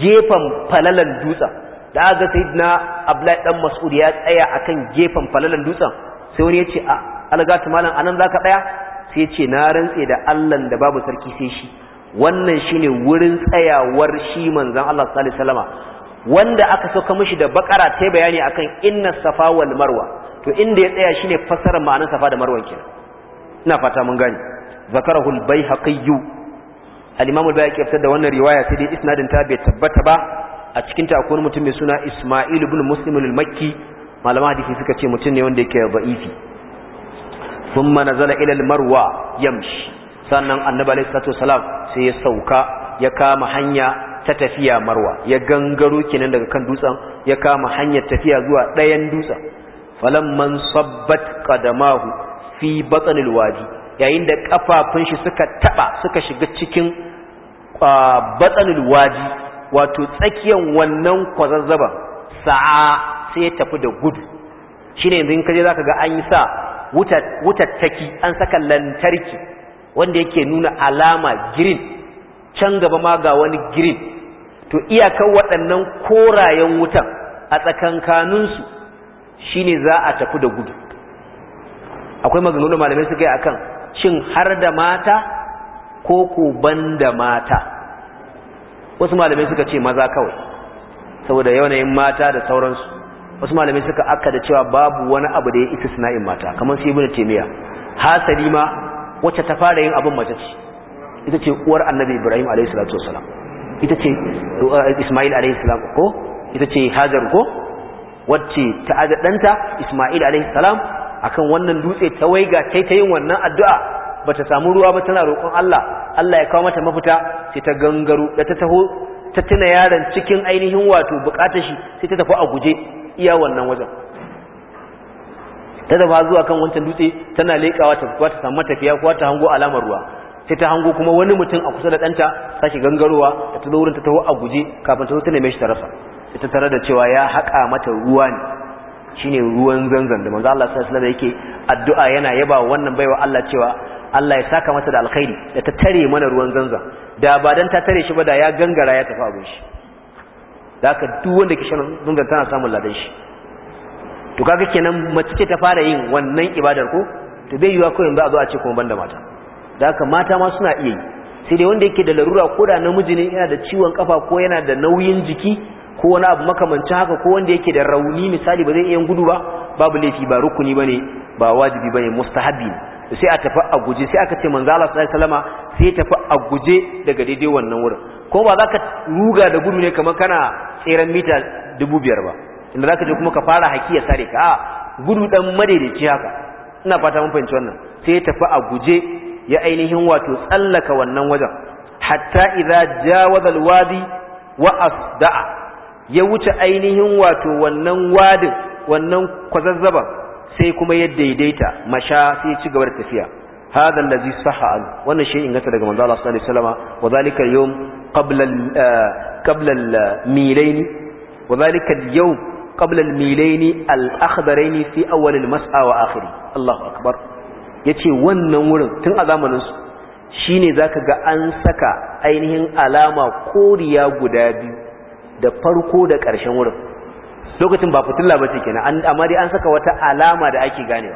gefen falalan dutsen da aka sayyidina Abdullahi dan Mas'ud ya tsaya akan gefen falalan dutsen sai wani ya a algatu malam anan zaka tsaya sai yace na rantse da Allah da babu sarki sai shi wannan shine wurin tsayawar shi manzon Allah sallallahu alaihi wasallama wanda aka sauka mishi da bakara ta bayani akan inna safa wal marwa to inda ya tsaya shine fasara ma'anar safa da marwa kenan ina fata mun gani zakarahu al-baihaqi al-imam al-baihaqi da wannan riwaya sai dai isnadin ta bai tabbata ba a cikin ta akwai mutum mai suna Isma'il ibn Muslim al-Makki malama hadisi suka ce mutum ne wanda yake ba'ifi thumma nazala ila al-marwa yamshi sannan annabi alayhi salatu wasalam sai ya sauka ya kama hanya ta tafiya marwa ya gangaro kenan daga kan dutsen ya kama hanyar tafiya zuwa ɗayan dutsen falamman sabbat qadamahu fi batsanil wadi yayin da kafafun shi suka taba suka shiga cikin batsanil wadi wato tsakiyar wannan kwazazzaban sa'a sai ya tafi da gudu shine yanzu in kaje zaka ga an yi sa wutattaki an saka lantarki wanda yake nuna alama girin can gaba ma ga wani girin to iyakar waɗannan korayen wutan a tsakankaninsu shine za a tafi da gudu akwai maganganu malamai suka yi akan shin har da mata ko ko da mata wasu malamai suka ce maza kawai saboda yanayin mata da sauransu wasu malamai suka akka da cewa babu wani abu da ya isa sana'in mata kamar su ibnu taymiya hasali ma wacce ta fara yin abin mace ce ita ce uwar annabi ibrahim alayhi salatu wasalam ita ce uh, isma'il alayhi salam ko ita ce hajar ko wacce ta aja danta isma'il alayhi salam akan wannan dutse ta waiga tai ta yin wannan addu'a bata samu ruwa ba tana roƙon Allah Allah ya kawo mata mafita sai ta gangaro da ta taho ta tuna yaron cikin ainihin wato bukatar shi sai ta tafi a guje iya wannan wajen ta dafa zuwa kan wancan dutse tana leƙawa ta kuwa ta samu tafiya kuwa ta hango alamar ruwa sai ta hango kuma wani mutum a kusa da ɗanta sake gangarowa da ta zo wurin ta taho a guje kafin ta zo ta neme shi ta rasa ita tare da cewa ya haƙa mata ruwa ne shine ruwan zanzan da manzo Allah sallallahu alaihi yake addu'a yana yaba wannan baiwa Allah cewa Allah ya saka mata da alkhairi da ta tare mana ruwan zanzan da ba dan ta tare shi ba da ya gangara ya tafi abin shi da haka duk wanda ke shan zanzan tana samun ladan shi to kaga kenan mace ce ta fara yin wannan ibadar ko to bai yiwa kawai ba a zo a ce kuma banda mata da haka mata ma suna iya yi sai dai wanda yake da larura ko da namiji ne yana da ciwon kafa ko yana da nauyin jiki ko wani abu makamanci haka ko wanda yake da rauni misali ba zai iya gudu ba babu laifi ba rukuni bane ba wajibi bane mustahabi ne sai a tafi a guje sai aka ce manzo Allah sallallahu alaihi wasallama sai tafi a guje daga daidai wannan wurin ko ba za ka ruga da gudu ne kamar kana tseren mita biyar ba inda zaka je kuma ka fara hakiya sare ka a gudu dan madaidaici haka ina fata mun fahimci wannan sai tafi a guje ya ainihin wato tsallaka wannan wajen hatta idza jawaza alwadi wa asda'a ya wuce ainihin wato wannan wadin wannan kwazazzaba sai kuma ya daidaita masha sai ci gaba da tafiya هذا الذي صح عنه وانا شيء انغتا daga manzo Allah sallallahu alaihi wasallam وذلك اليوم قبل قبل الميلين وذلك اليوم قبل الميلين الاخضرين في اول المسعى واخره الله اكبر yace wannan wurin tun a zamanin su shine zaka ga an saka ainihin alama koriya guda biyu da farko da ƙarshen wurin lokacin ba fitilla ba ce kenan amma dai an saka wata alama da ake gane ganewa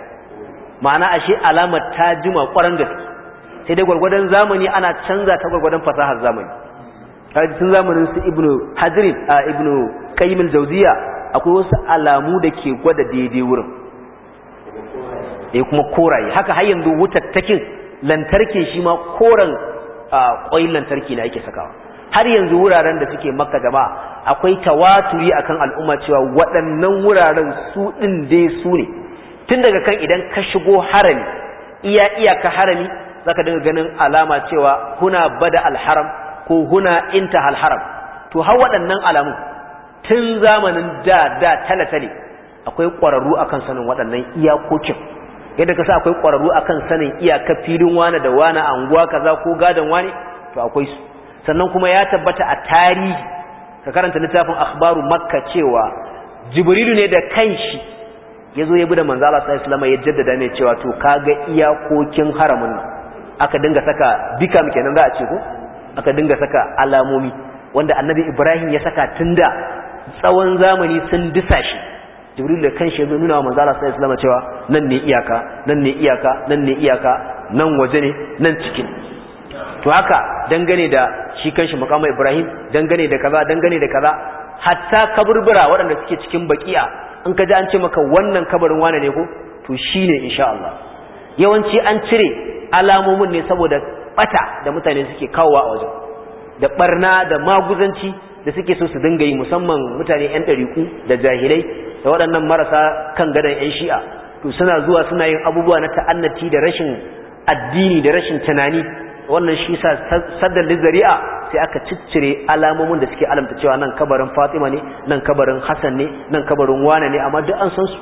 ma'ana ashe alamar ta jima ƙwarar gaske sai dai gwargwadon zamani ana canza ta gwargwadon fasahar zamani kaji tun zamanin su ibnu Hadirin a ibnu qayyim al akwai wasu alamu da ke gwada daidai wurin eh kuma koraye haka har yanzu wutar takin lantarki shi ma koran ƙwai lantarki ne ake sakawa har yanzu wuraren da suke makka jama'a akwai tawaturi akan al'umma cewa waɗannan wuraren su ɗin dai su ne tun daga kan idan ka shigo harami iya iyaka harami zaka dinga ganin alama cewa huna bada alharam ko huna inta alharam to har waɗannan alamun tun zamanin da da talata ne, akwai ƙwararru akan sanin waɗannan iyakokin yadda ka sa akwai ƙwararru akan sanin iyaka filin wane da wane anguwa kaza ko gadon wane to akwai su sannan kuma ya tabbata a tarihi ka karanta littafin akhbaru makka cewa jibrilu ne da kanshi yazo ya bi da manzo Allah sallallahu alaihi ya jaddada ne cewa to kaga iyakokin haramun aka dinga saka bikam kenan za a ce ko aka dinga saka alamomi wanda annabi ibrahim ya saka tunda tsawon zamani sun disa shi jibril da kanshi ya nuna wa manzo Allah sallallahu alaihi cewa nan ne iyaka nan ne iyaka nan ne iyaka nan waje ne nan cikin to haka dangane da shi kanshi makamu ibrahim dangane da kaza dangane da kaza hatta kaburbura waɗanda suke cikin bakiya in ka ji an ce maka wannan kabarin wane ne ko to ne insha Allah yawanci an cire alamomin ne saboda bata da mutane suke kawowa a wajen da ɓarna da maguzanci da suke so su dinga yi musamman mutane yan ɗariku da jahilai da waɗannan marasa kan gadon yan shi'a to suna zuwa suna yin abubuwa na ta'annati da rashin addini da rashin tunani wannan shi sa saddan zari'a sai aka ciccire alamomin da suke alamta cewa nan kabarin Fatima ne nan kabarin Hassan ne nan kabarin Wane ne amma duk an san su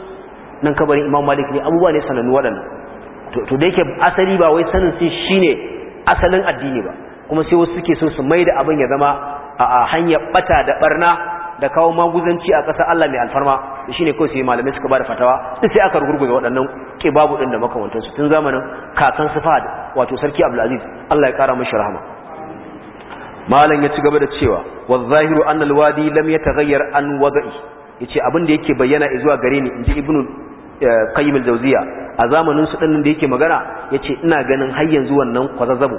nan kabarin Imam Malik ne abubuwa ne sanannu waɗannan to da yake asali ba wai sanin sun shi ne asalin addini ba kuma sai wasu suke so su mai da abin ya zama a hanyar ɓata da ɓarna. da kawo maguzanci a ƙasar Allah mai alfarma da ne kawai yi malamai suka bada fatawa sai aka rugurguza waɗannan kibabu ɗin da makamantan su tun zamanin kakan su Fahad wato sarki Abdulaziz Allah ya kara mishi rahama malam ya ci gaba da cewa wazahiru anna alwadi lam yataghayyar an wada'i yace abin da yake bayyana zuwa gare ni inji ibnu eh, qayyim al-jawziya a zamanin su din da yake magana yace ina ganin har yanzu wannan kwazazzabo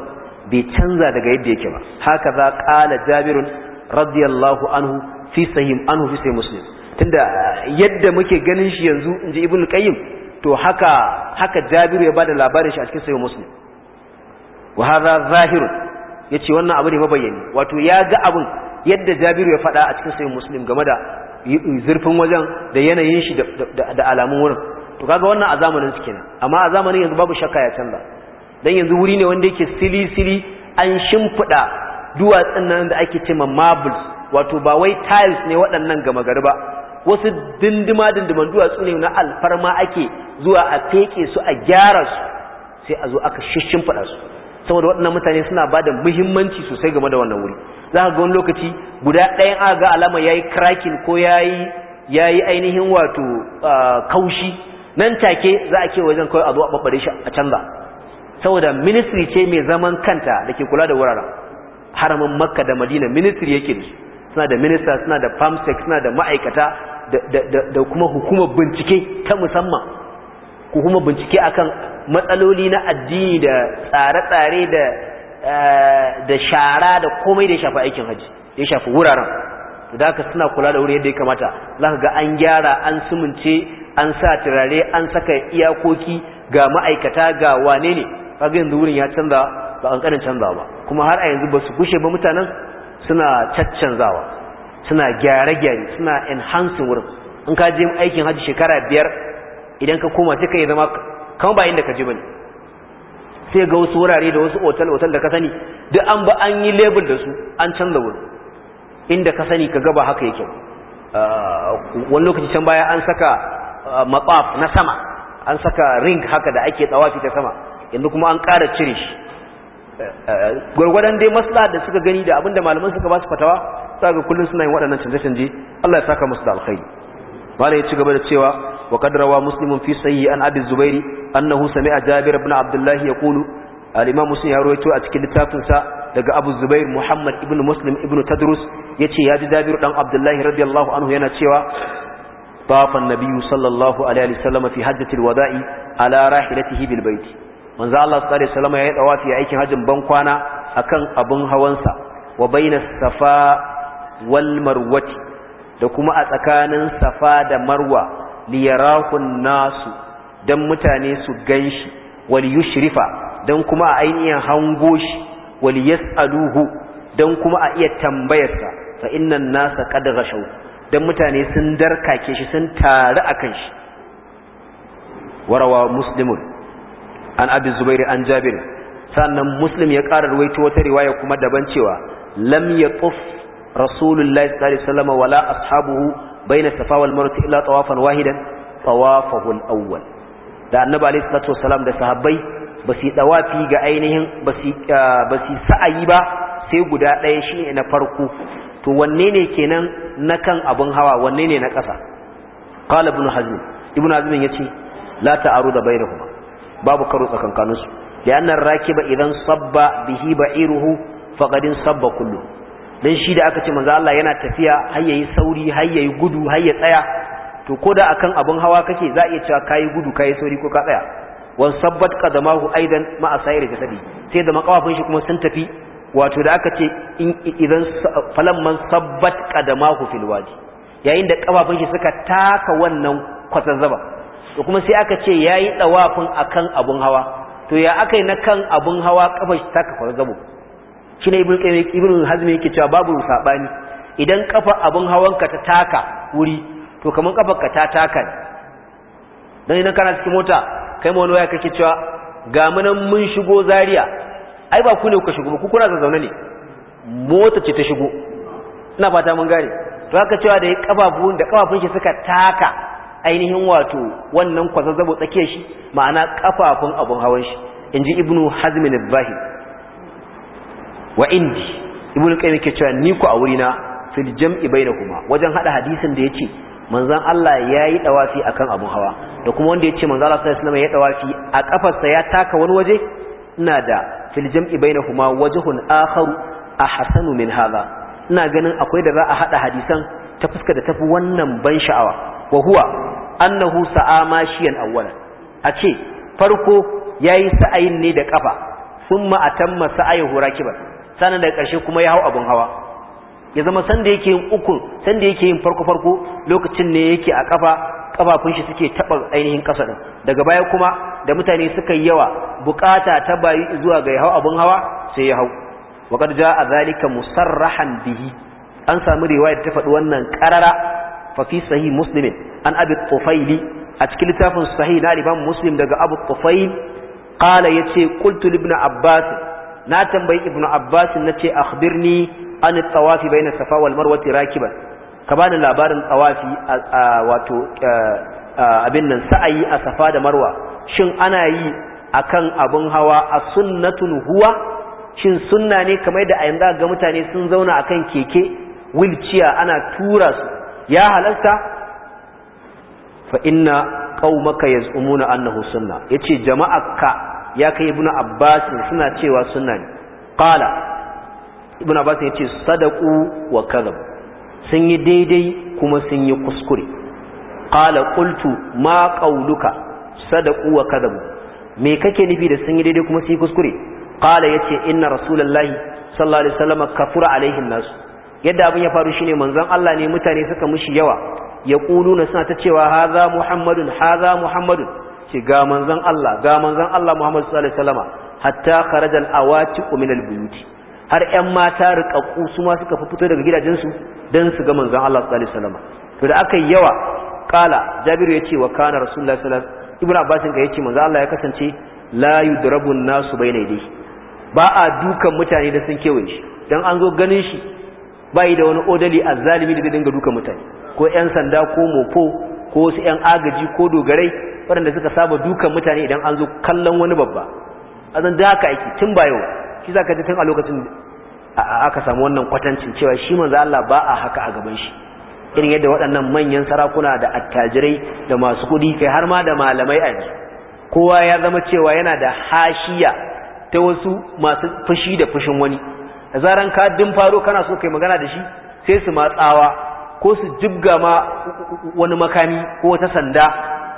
bai canza daga yadda yake ba haka za qala jabirun radiyallahu anhu fi sahim anhu fi sahih muslim tunda yadda muke ganin shi yanzu inji ibnu qayyim to haka haka jabiru ya bada labarin shi a cikin sahih muslim wa hadha zahir yace wannan abu ne mabayyani wato ya ga abun yadda jabiru ya faɗa a cikin sahih muslim game da zurfin wajen da yanayin shi da alamun wurin to kaga wannan a zamanin su kenan amma a zamanin yanzu babu shakka ya canza dan yanzu wuri ne wanda yake sili sili an shimfida duwatsun nan da ake cewa marbles wato ba wai tiles ne waɗannan gama gari ba wasu dindima dindiman duwatsu ne na alfarma ake zuwa a feke su a gyara su sai a zo aka shishin faɗa su saboda waɗannan mutane suna ba da muhimmanci sosai game da wannan wuri za ka ga wani lokaci guda ɗayan aka ga alama ya yi krakin ko ya yi ainihin wato kaushi nan take za a ke wajen kawai a zo a ɓaɓɓare shi a canza saboda ministry ce mai zaman kanta da ke kula da wuraren haramin makka da madina ministry yake da su suna da minista suna da famsec suna da ma'aikata da kuma hukumar bincike ta musamman hukumar bincike akan matsaloli na addini da tsare-tsare da eh, shara da komai da ya shafi aikin haji ya shafi wuraren da aka suna kula da wuri yadda ya kamata za ka ga an gyara an sumunce an sa turare an saka iyakoki ga ma'aikata ga wane ne kaga yanzu wurin ya canza ba kankanin canza ba kuma har a yanzu ba su gushe ba mutanen suna caccanzawa suna gyare-gyare suna enhancing wurin in ka je aikin hajji shekara biyar idan ka koma sai ka yi zama kan bayan da ka je bane sai ga wasu wurare da wasu otal-otal da ka sani duk an ba an yi label da su an canza wurin inda ka sani ka gaba haka yake ah, wani lokaci can baya an saka ah, matsaf na sama an saka ring haka da ake tsawafi ta sama yanzu kuma an ƙara cire shi Eh, gwargwadon dai maslaha da suka gani da abinda malaman suka ba su fatawa za ga kullum suna yin waɗannan canje-canje Allah ya saka musu da alkhairi mala ya ci gaba da cewa wa kadrawa muslimun fi sayyi an abi zubairi annahu sami'a jabir ibn abdullahi yaqulu al-imam muslim ya rawaito a cikin littafin sa daga abu zubair muhammad ibn muslim ibn tadrus yace ya ji jabir dan abdullahi radiyallahu anhu yana cewa طاف النبي fi الله عليه وسلم في حجة الوداع على راحلته بالبيت manzo Allah sallallahu alaihi wasallam ya yi dawafi aikin hajjin ban kwana akan abun hawansa wa bainas safa wal marwati da kuma a tsakanin safa da marwa liyarahun nasu dan mutane su ganshi wal yushrifa dan kuma a ainihin hango shi wal yasaluhu dan kuma a iya tambayar sa fa innan nasa qad ghashaw dan mutane sun darkake shi sun taru akan shi warawa muslimun an abi zubairi an jabir sannan muslim ya ƙara ruwaito wata riwaya kuma daban cewa lam yaquf rasulullahi sallallahu alaihi wasallam wala ashabuhu baina safa wal marwa illa tawafan wahidan tawafahu al-awwal da annabi alaihi salatu wasallam da sahabbai basu dawafi ga ainihin basu ah, sa'ayi ba sai guda ɗaya shine na farko to wanne ne kenan na kan abun hawa wanne ne na ƙasa qala ibn hazm ibn hazm yace la ta'aruda bainahuma babu karo tsakankanin su da annar rakiba idan sabba bihi ba'iruhu faqadin sabba kullu dan shi da aka ce manzo Allah yana tafiya har yayi sauri har gudu har ya tsaya to koda akan abin hawa kake za iya cewa kayi gudu kayi sauri ko ka tsaya wan sabbat qadamahu aidan ma asairi sai da makawafin shi kuma sun tafi wato da aka ce idan man sabbat qadamahu fil wadi yayin da kafafun shi suka taka wannan zaba to kuma sai aka ce yayi a akan abun hawa to ya akai na kan abun hawa kafa shi ta kafar gabo shine ibnu qayyim ibnu hazm yake cewa babu sabani idan kafa abun hawan ka ta taka wuri to kaman kafa ka ta taka dan idan kana cikin mota kai mu wani waya kake cewa ga mu mun shigo zaria ai ba ku ne ku shigo ba ku kuna zazzauna ne mota ce ta shigo ina fata mun gane to haka cewa da kafafun da kafafun shi suka taka ainihin wato wannan kwazazzabo tsakiyar shi ma'ana kafafun abun hawan shi inji ibnu hazm al wa indi ibnu qayyim yake cewa ni ku a wurina fil jam'i kuma. wajen hada hadisin da yace manzon Allah yayi dawafi akan abun hawa da kuma wanda yace manzon Allah sallallahu alaihi wasallam ya dawafi a kafarsa ya taka wani waje ina da fil jam'i kuma wajhun akhar ahsanu min hadha ina ganin akwai da za a hada hadisan ta fuska da tafi wannan ban sha'awa wa huwa annahu sa'a mashiyan awwalan a ce farko yayi sa'ayin ne da kafa thumma atamma sa'ayahu rakiban sanan daga karshe kuma ya hau abun hawa ya zama san da yake yin uku san da yake yin farko farko lokacin ne yake a kafa kafafun shi suke taba ainihin kasa din daga baya kuma da mutane suka yi yawa bukata ta bayi zuwa ga ya hau abun hawa sai ya hau wa qad jaa zalika musarrahan bihi an samu riwaya ta faɗi wannan ƙarara. Fafi sahi sahih muslim an abi tufaili a cikin littafin sahi na imam muslim daga abu tufail qala yace qultu ibn abbas na tambayi ibn abbas nace akhbirni an tawafi bayna safa wal marwa rakiban ka bani labarin tawafi wato abin nan sa'ayi a safa da marwa shin ana yi akan abin hawa a sunnatun huwa shin sunna ne kamar da a yanzu ga mutane sun zauna akan keke wilciya ana tura su ya halarta fa inna qaumaka yaz'umuna annahu sunna yace jama'arka ya kai ibn abbas suna cewa sunna ne qala ibn abbas yace sadaqu wa kadhab sun yi daidai kuma sun yi kuskure qala qultu ma qauluka sadaqu wa kadhab me kake nufi da sun yi daidai kuma sun yi kuskure qala yace inna rasulullahi sallallahu alaihi wasallam kafura alaihim nasu yadda abin ya faru shine manzon Allah ne mutane suka mushi yawa ya na suna ta cewa haza muhammadun haza muhammadun ce ga manzon Allah ga manzon Allah Muhammad sallallahu alaihi wasallama hatta kharajal awatiqu min albuyuti har ƴan mata riƙaƙƙu su ma suka fito daga gidajensu dan su ga manzon Allah sallallahu alaihi wasallama to da aka yawa kala jabiru yace wa kana rasulullahi sallallahu alaihi wasallam ibnu abbas ga yace manzon Allah ya kasance la yudrabun nasu bayna yadihi ba a dukan mutane da sun kewaye shi dan an zo ganin shi bai da wani odali a zalimi da zai dinga duka mutane ko ƴan sanda ko mofo ko wasu ƴan agaji ko dogarai waɗanda suka saba dukan mutane idan an zo kallon wani babba azan da haka aiki tun ba yau shi ka ji tun a lokacin aka samu wannan kwatancin cewa shi manzo Allah ba a haka a gaban shi irin yadda waɗannan manyan sarakuna da attajirai da masu kuɗi kai har ma da malamai a kowa ya zama cewa yana da hashiya ta wasu masu fushi da fushin wani da zaran ka din faro kana so kai magana da shi sai su matsawa ko su jibga ma wani makami ko wata sanda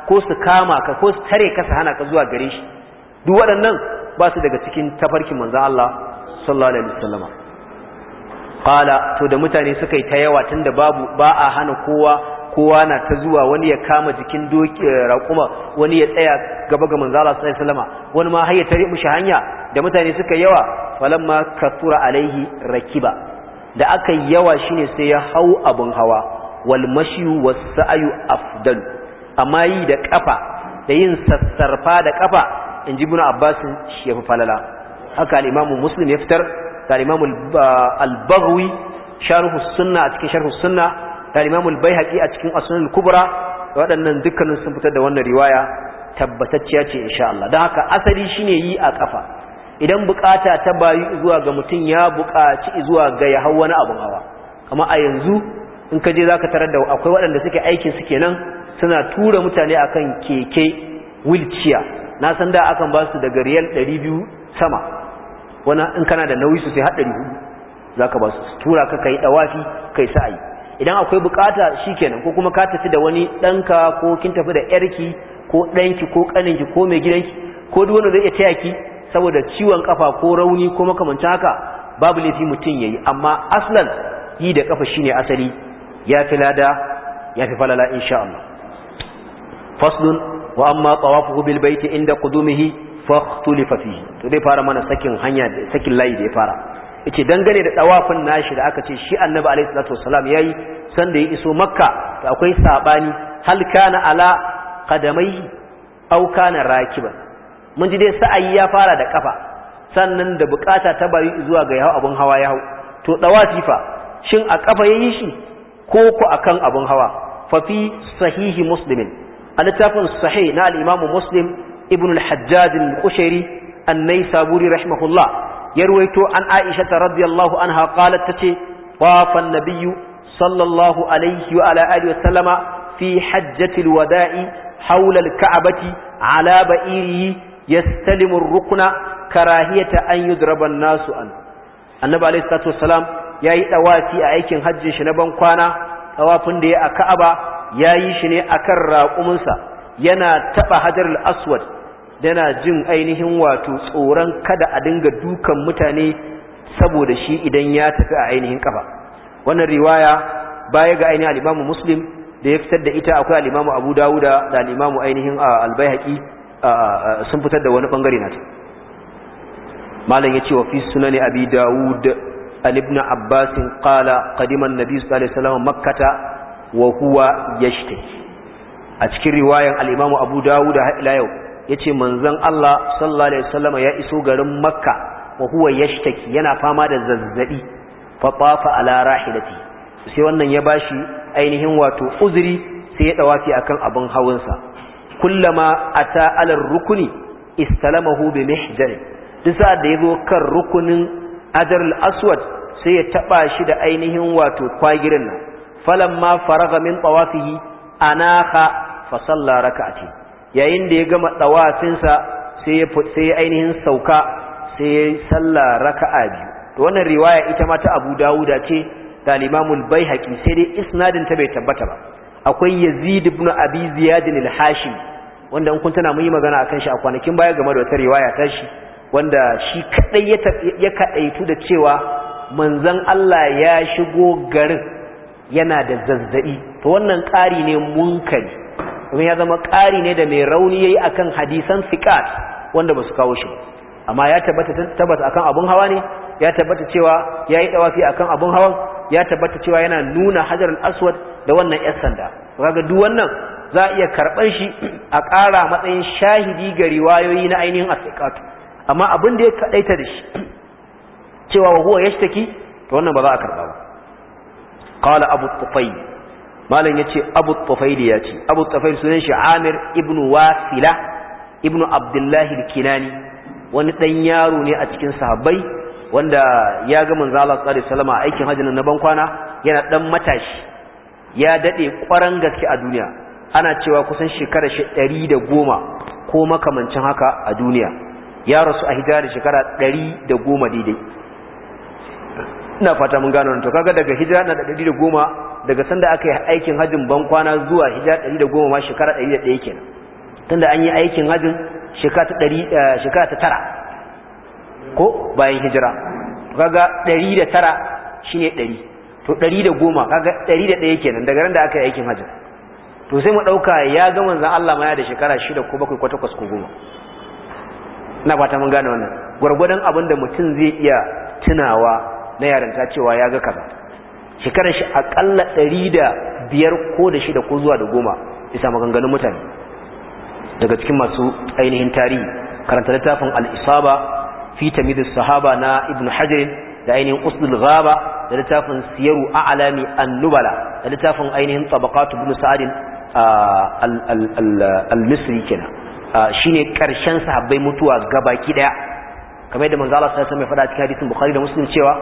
ko su kama ka ko su tare ka su hana ka zuwa gare shi duk waɗannan ba su daga cikin tafarkin manzo Allah sallallahu alaihi wasallama qala to da mutane suka yi ta yawa tunda babu ba a hana kowa kowa na ta zuwa wani ya kama jikin doki eh, raƙuma wani ya tsaya gaba ga manzo Allah sallallahu alaihi wasallama wani ma har ya tare mushi hanya da mutane suka yawa falamma kasura alaihi rakiba da aka yawa shine sai ya hau abun hawa wal mashiyu was sa'yu afdal amma yi da kafa da yin sassarfa da kafa inji ibn abbas shi yafi falala haka al-imam muslim ya fitar da al-imam al-baghawi sharh as-sunnah a cikin sharh as-sunnah da al-imam al-baihaqi a cikin as-sunan al-kubra waɗannan dukkanin sun fitar da wannan riwaya tabbatacciya ce insha Allah don haka asali shine yi a kafa idan bukata ta bayu zuwa ga mutum ya bukaci zuwa ga ya hau wani abun hawa kamar a yanzu in ka je za ka tarar da akwai waɗanda suke aikin su kenan suna tura mutane a kan keke wilciya na san da akan ba su daga riyal 200 sama wani in kana da nauyi su har za ka ba su tura ka kai ɗawafi kai sa'ayi idan akwai bukata shi kenan ko kuma ka tafi da wani ɗanka ko kin tafi da yarki ko ɗanki ko ƙaninki ko mai gidanki ko duk wanda zai iya taya ki saboda ciwon kafa ko rauni ko makamancin haka babu laifi mutum yayi amma aslan yi da kafa shine asali ya fi lada ya fi falala insha Allah faslun wa amma tawafuhu bil baiti inda qudumihi fakhtulifa fihi to dai fara mana sakin hanya sakin layi da ya fara yace dangane da tawafin nashi da aka ce shi annabi alaihi salatu wassalam yayi sanda ya iso makka to akwai sabani hal kana ala qadamai au kana rakiban mun ji dai sa'ayi ya fara da kafa sannan da bukata ta bayi zuwa ga yahu abun hawa hau to dawafi fa shin a kafa yayi shi ko ku akan abun hawa fa fi sahihi muslimin a littafin sahih na al-imamu muslim ibn al-hajjaj al-qushairi an-naysaburi rahimahullah ya ruwaito an aisha radiyallahu anha qalat tace wafa an-nabiyyu sallallahu alaihi wa ala alihi wa sallama fi hajjatil wada'i hawla al-ka'bati ala ba'irihi yastalimu rukuna karahiyata an yudraba nasu an annabi alayhi salatu wassalam yayi dawafi a aikin hajjin shi na ban kwana dawafin da ya a Ka'aba yayi shi ne akan kan sa yana taba al aswad yana jin ainihin wato tsoron kada a dinga dukan mutane saboda shi idan ya tafi a ainihin kafa wannan riwaya baya ga ainihin al-Imam Muslim da ya fitar da ita akwai al-Imam Abu Dawuda da al-Imam ainihin al-Baihaqi sun fitar da wani bangare nata malam yace wa fi sunani abi daud an ibn abbas qala qadima an-nabi sallallahu alaihi wasallam makkah wa huwa yashtaki a cikin riwayan al-imamu abu daud har ila yau yace manzon Allah sallallahu alaihi wasallam ya iso garin makka wa huwa yashtaki yana fama da zazzabi fa tafa ala rahilati sai wannan ya bashi ainihin wato uzuri sai ya ɗawafi akan abin hawansa kullama ata alar rukuni istalamahu bi mihjar duk sa da yazo kan rukunin ajar aswad sai ya taba shi da ainihin wato kwagirin nan falamma faraga min tawafihi anaha fa salla rak'ati yayin da ya gama tawafin sa sai ya sai ainihin sauka sai ya salla raka'a biyu to wannan riwaya ita ma ta Abu Dawuda ce da Imamul Baihaqi sai dai isnadin ta bai tabbata ba akwai Yazid ibn Abi Ziyad al-Hashimi wanda in kun tana mun yi magana akan shi a kwanakin baya game da wata riwaya ta shi wanda shi kadai ya kadaitu da cewa manzon Allah ya shigo garin yana da zazzabi to wannan ƙari ne munkari kuma ya zama ƙari ne da mai rauni yayi akan hadisan fiqat wanda ba su kawo shi amma ya tabbata tabbata akan abun hawa ne ya tabbata cewa yayi dawafi akan abun hawan ya tabbata cewa yana nuna hajar al-aswad da wannan yar sanda kaga duk wannan za a iya karɓar shi a ƙara matsayin shahidi ga riwayoyi na ainihin asiqatu amma abin da ya kaɗaita da shi cewa wa ya shi to wannan ba za a karɓa ba qala abu malin malam yace abu da ya ce abu tufayl sunan shi amir ibn wasila ibn Abdullahi da kinani wani ɗan yaro ne a cikin sahabbai wanda ya ga manzo Allah sallallahu alaihi wasallam aikin hajjin na bankwana yana ɗan matashi ya daɗe ƙwaran gaske a duniya ana cewa kusan shekara ɗari da goma ko makamancin haka a duniya ya rasu a hijira da shekara ɗari da goma daidai ina fata mun gano to kaga daga hijira na da ɗari da goma daga sanda aka yi aikin hajjin bankwana zuwa hijira ɗari da goma ma shekara ɗari da ɗaya kenan tunda an yi aikin hajjin shekara ta eh, tara ko bayan hijira kaga ɗari da tara shine ɗari to ɗari da goma kaga ɗari da ɗaya kenan daga ran da aka yi aikin hajjin to sai mu dauka ya ga manzon Allah ma ya da shekara 6 ko 7 ko 8 ko 10 ina fata mun gane wannan gurgurdan abin da mutum zai iya tunawa na yaranta cewa ya ga kaza shekarar shi akalla 105 ko da 6 ko zuwa da 10 isa maganganun mutane daga cikin masu ainihin tarihi karanta littafin al-isaba fi tamidus sahaba na Ibn hajar da ainihin usul ghaba da littafin siyaru a'lami an-nubala da littafin ainihin tabaqatu ibn sa'adin al-misri kenan shine karshen sahabbai mutuwa ga gabaki daya kamar yadda manzo Allah sallallahu alaihi wasallam ya cikin hadisin Bukhari da Muslim cewa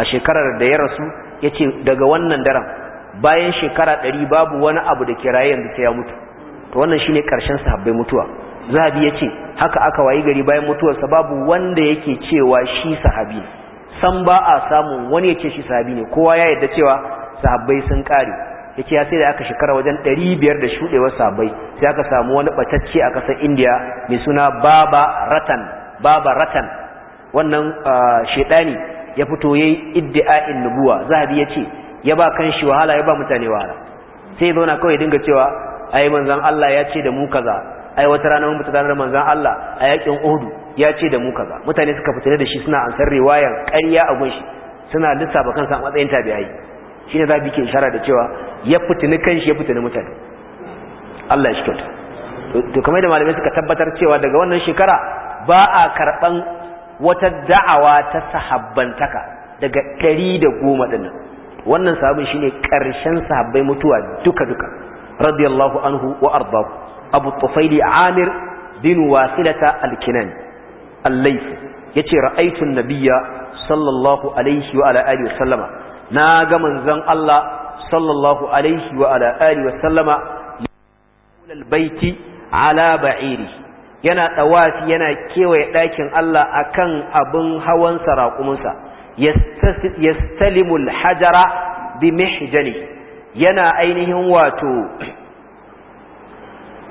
a shekarar da ya rasu yace daga wannan daren bayan shekara ɗari babu wani abu da kiraye yanzu sai ya mutu to wannan shine karshen sahabbai mutuwa zahabi ce haka aka wayi gari bayan mutuwarsa babu wanda yake cewa shi sahabi san ba a samun wani ya ce shi sahabi ne kowa ya yarda cewa sahabbai sun kare yace ya sai da aka shekara wajen 500 da shudewar sabai sai aka samu wani batacce a kasar India mai suna Baba Ratan Baba Ratan wannan shedani ya fito ya yayi iddia'in nubuwa zahabi ce ya ba kan shi wahala ya ba mutane wahala sai ya zauna kawai dinga cewa ai manzan Allah ya ce da mu kaza ai wata rana mun mutane manzan Allah a yakin uhudu ya ce da mu kaza mutane suka fitina da shi suna ansar riwayan karya a gunshi suna lissafa kansa a matsayin tabi'ai shi ne zabi ke ishara da cewa ya fitini kanshi ya fitini mutane Allah ya shi kyauta to kamar da malamai suka tabbatar cewa daga wannan shekara ba a karɓan wata da'awa ta sahabbantaka daga ɗari da goma ɗin wannan sahabin shine ƙarshen sahabbai mutuwa duka-duka radiyallahu anhu wa ardahu abu tufaili amir bin wasilata al-kinani al-layth yace ra'aytu an-nabiyya sallallahu alaihi wa ala alihi wa sallama na ga manzon Allah sallallahu alaihi wa ala alihi wa sallama baiti ala ba'iri yana tsawafi yana kewaye ɗakin Allah akan abin hawan sarakuminsa yastalimul hajara bi mihjani yana ainihin wato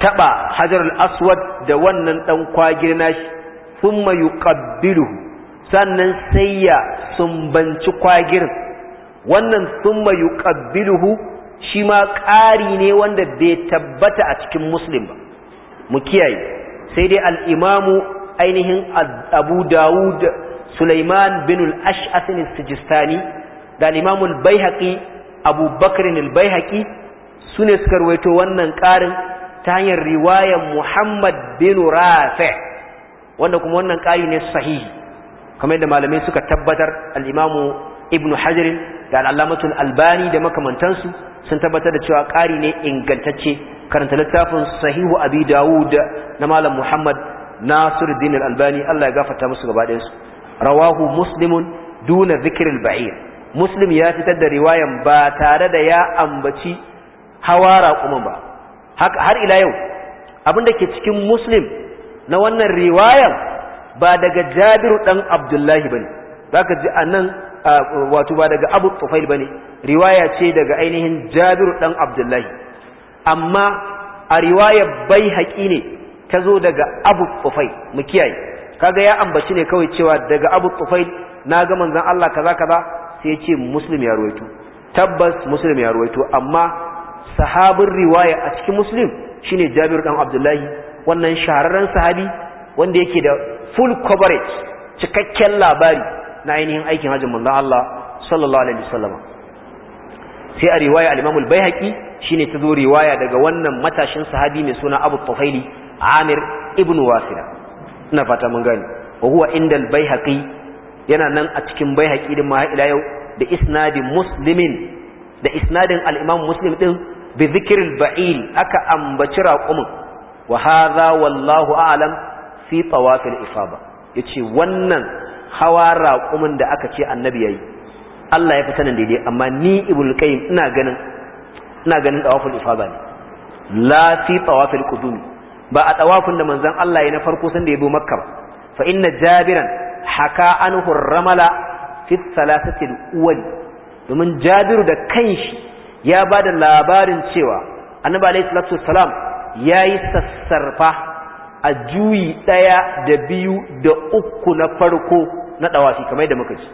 taba hajarul aswad da wannan dan kwagir nashi thumma yuqabbiluhu sannan sai ya sumbanci kwagirin wannan summa yuqabbiluhu shi ma ƙari ne wanda bai tabbata a cikin muslim ba mu kiyaye sai dai al-imamu ainihin abu dawud sulaiman bin al-ash'as sijistani da al'imamun imamu baihaqi abu bakr baihaqi sune suka rawaito wannan ƙarin ta hanyar riwayar muhammad bin rafi wanda kuma wannan ƙari ne sahihi kamar yadda malamai suka tabbatar al'imamu. ibnu hajar da al'alamatul albani da makamantansu sun tabbatar da cewa ƙari ne ingantacce karanta littafin sahihu abi dawud na malam muhammad nasiruddin albani Allah ya gafarta musu gaba ɗayansu rawahu muslimun duna zikirin ba'ir muslim ya fitar da riwayan ba tare da ya ambaci hawa raƙuman ba har ila yau abinda ke cikin muslim na wannan riwayan ba daga jabiru ɗan abdullahi ba ne za ka ji a nan wato ba daga abu tufail bane riwaya ce daga ainihin jabir dan abdullahi amma a riwaya bai haƙi ne ta zo daga abu tufail mu kiyaye kaga ya ambaci ne kawai cewa daga abu tufail na ga manzon Allah kaza kaza sai ya ce muslim ya ruwaito tabbas muslim ya ruwaito amma sahabin riwaya a cikin muslim shine jabir dan abdullahi wannan shahararren sahabi wanda yake da full coverage cikakken labari na ainihin aikin hajjin manzo Allah sallallahu alaihi wasallam sai a riwaya al-Imam al-Baihaqi shine ta zo riwaya daga wannan matashin sahabi mai suna Abu Tufaili Amir ibn Wasila ina fata mun gani wa huwa inda al-Baihaqi yana nan a cikin Baihaqi din ma ila yau da isnadin muslimin da isnadin al-Imam Muslim din bi dhikril ba'il aka ambaci raqumin wa hadha wallahu a'lam fi tawafil ifada yace wannan hawa raƙumin da aka ce annabi yayi Allah ya fi sanin daidai amma ni ibul qayyim ina ganin ina ganin tsawafin ne la fi tawafil kudumi ba a tawafin da manzan Allah ya na farko sanda da ya bi makka ba fa inna jabiran haka an hurramala fi thalathati al domin jabiru da kanshi ya ba da labarin cewa annabi alayhi salatu wassalam yi sassarfa a juyi ɗaya da biyu da uku na farko na dawafi kamar yadda muka ji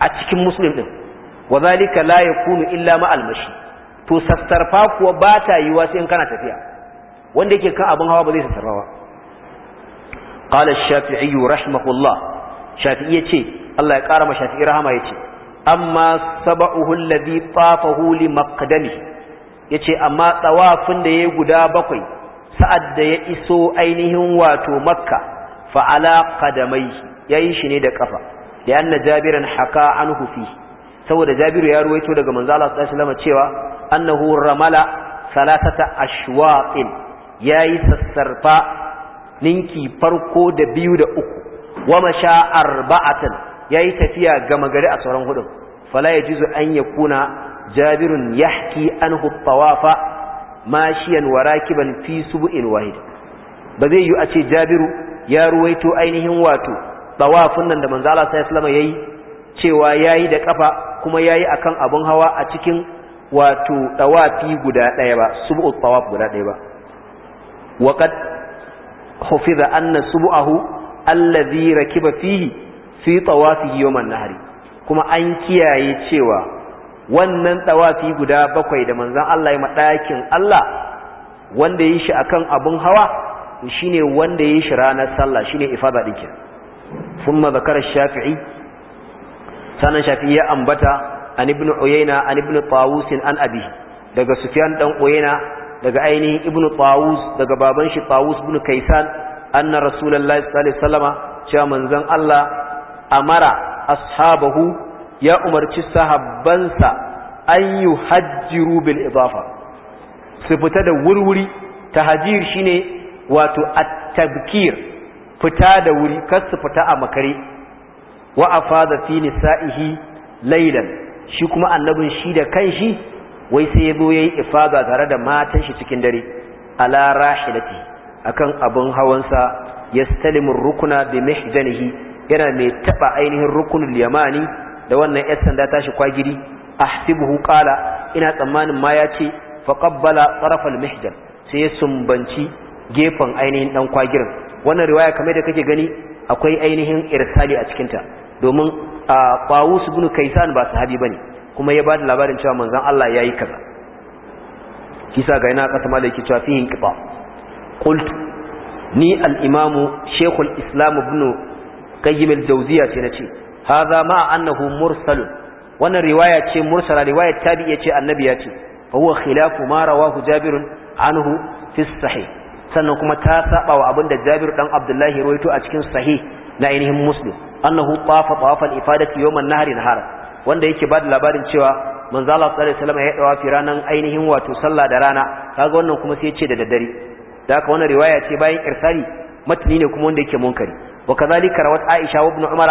a cikin muslim din wa zalika la yakunu illa ma'almashi to sassarfa kuwa ba ta yiwa sai in kana tafiya wanda yake kan abin hawa ba zai sassarfa ba qala shafi'iyyu shafii rahimahullah shafi'i yace Allah ya kara ma shafi'i rahama yace amma sab'uhu alladhi tafahu li maqdami yace amma tawafin da yayi guda bakwai sa'ad da ya iso ainihin wato makka fa ala qadamaihi yayi shi ne da kafa da anna jabiran haka anhu fi saboda jabiru ya ruwaito daga manzo Allah sallallahu alaihi wasallam cewa annahu ramala salatata ashwaqin yayi sassarfa ninki farko da biyu da uku wa masha arba'atan yayi tafiya gama gari a sauran hudun fala yajizu an ya kuna jabirun yahki anhu tawafa mashiyan wa rakiban fi subu'in wahid ba zai yi a ce jabiru ya ruwaito ainihin wato tawafin nan da manzo Allah sallallahu alaihi yayi cewa yayi da kafa kuma yayi akan abun hawa a cikin wato tawafi guda daya ba subu tawaf guda daya ba waqad hufiza anna subuhu allazi rakiba fihi fi tawafihi yawman nahri kuma an kiyaye cewa wannan tawafi guda bakwai da manzo Allah ya madakin Allah wanda yi shi akan abun hawa shine wanda yi shi ranar sallah shine ifada dinkin ثم ذكر الشافعي سنن شافعي أنبتا عن ابن عيينة عن ابن طاووس عن أبيه دقى سفيان دون عيينة دقى عينه ابن طاووس دقى بابنش طاووس بن كيسان أن رسول الله صلى الله عليه وسلم شاء زن الله أمر أصحابه يا أمر تسهبنسا أن يحجروا بالإضافة سبتد وروري تهجير شيني واتو التبكير fita da wuri kar su fita a makare wa afada fi nisa'ihi laylan shi kuma annabin shi da kanshi wai sai yabo yayi ifaza tare da matan shi cikin dare ala rahilati akan abun hawansa yastalimu rukuna bi mihjanihi yana mai taba ainihin rukunul yamani da wannan yar sanda tashi kwagiri ahsibuhu qala ina tsammanin ma ya ce faqabbala taraf al mihjan sai sumbanci gefen ainihin dan kwagirin wannan riwaya kamar da kake gani akwai ainihin irsali a cikinta domin a qawus ibn kaisan ba sahabi ne kuma ya da labarin cewa manzon Allah yayi kaza kisa ga ina kasa yake cewa fi inqita qult ni al-imamu shaykhul islam ibn qayyim al ce nace hadha ma annahu mursal wannan riwaya ce mursala riwaya tabi'i ce annabi ya ce fa huwa khilafu ma rawahu jabir anhu fi sahih sannan kuma ta saba wa abinda Jabir dan Abdullahi rawaito a cikin sahih na ainihin Muslim annahu tafa tawafal ifadati yawman nahri nahar wanda yake bada labarin cewa manzo Allah sallallahu alaihi wasallam ya dawa fi ranan ainihin wato sallah da rana kaga wannan kuma sai ya ce da daddare da haka wannan riwaya ce bayan irsari matni ne kuma wanda yake munkari wa kazalika rawat Aisha wa Ibn Umar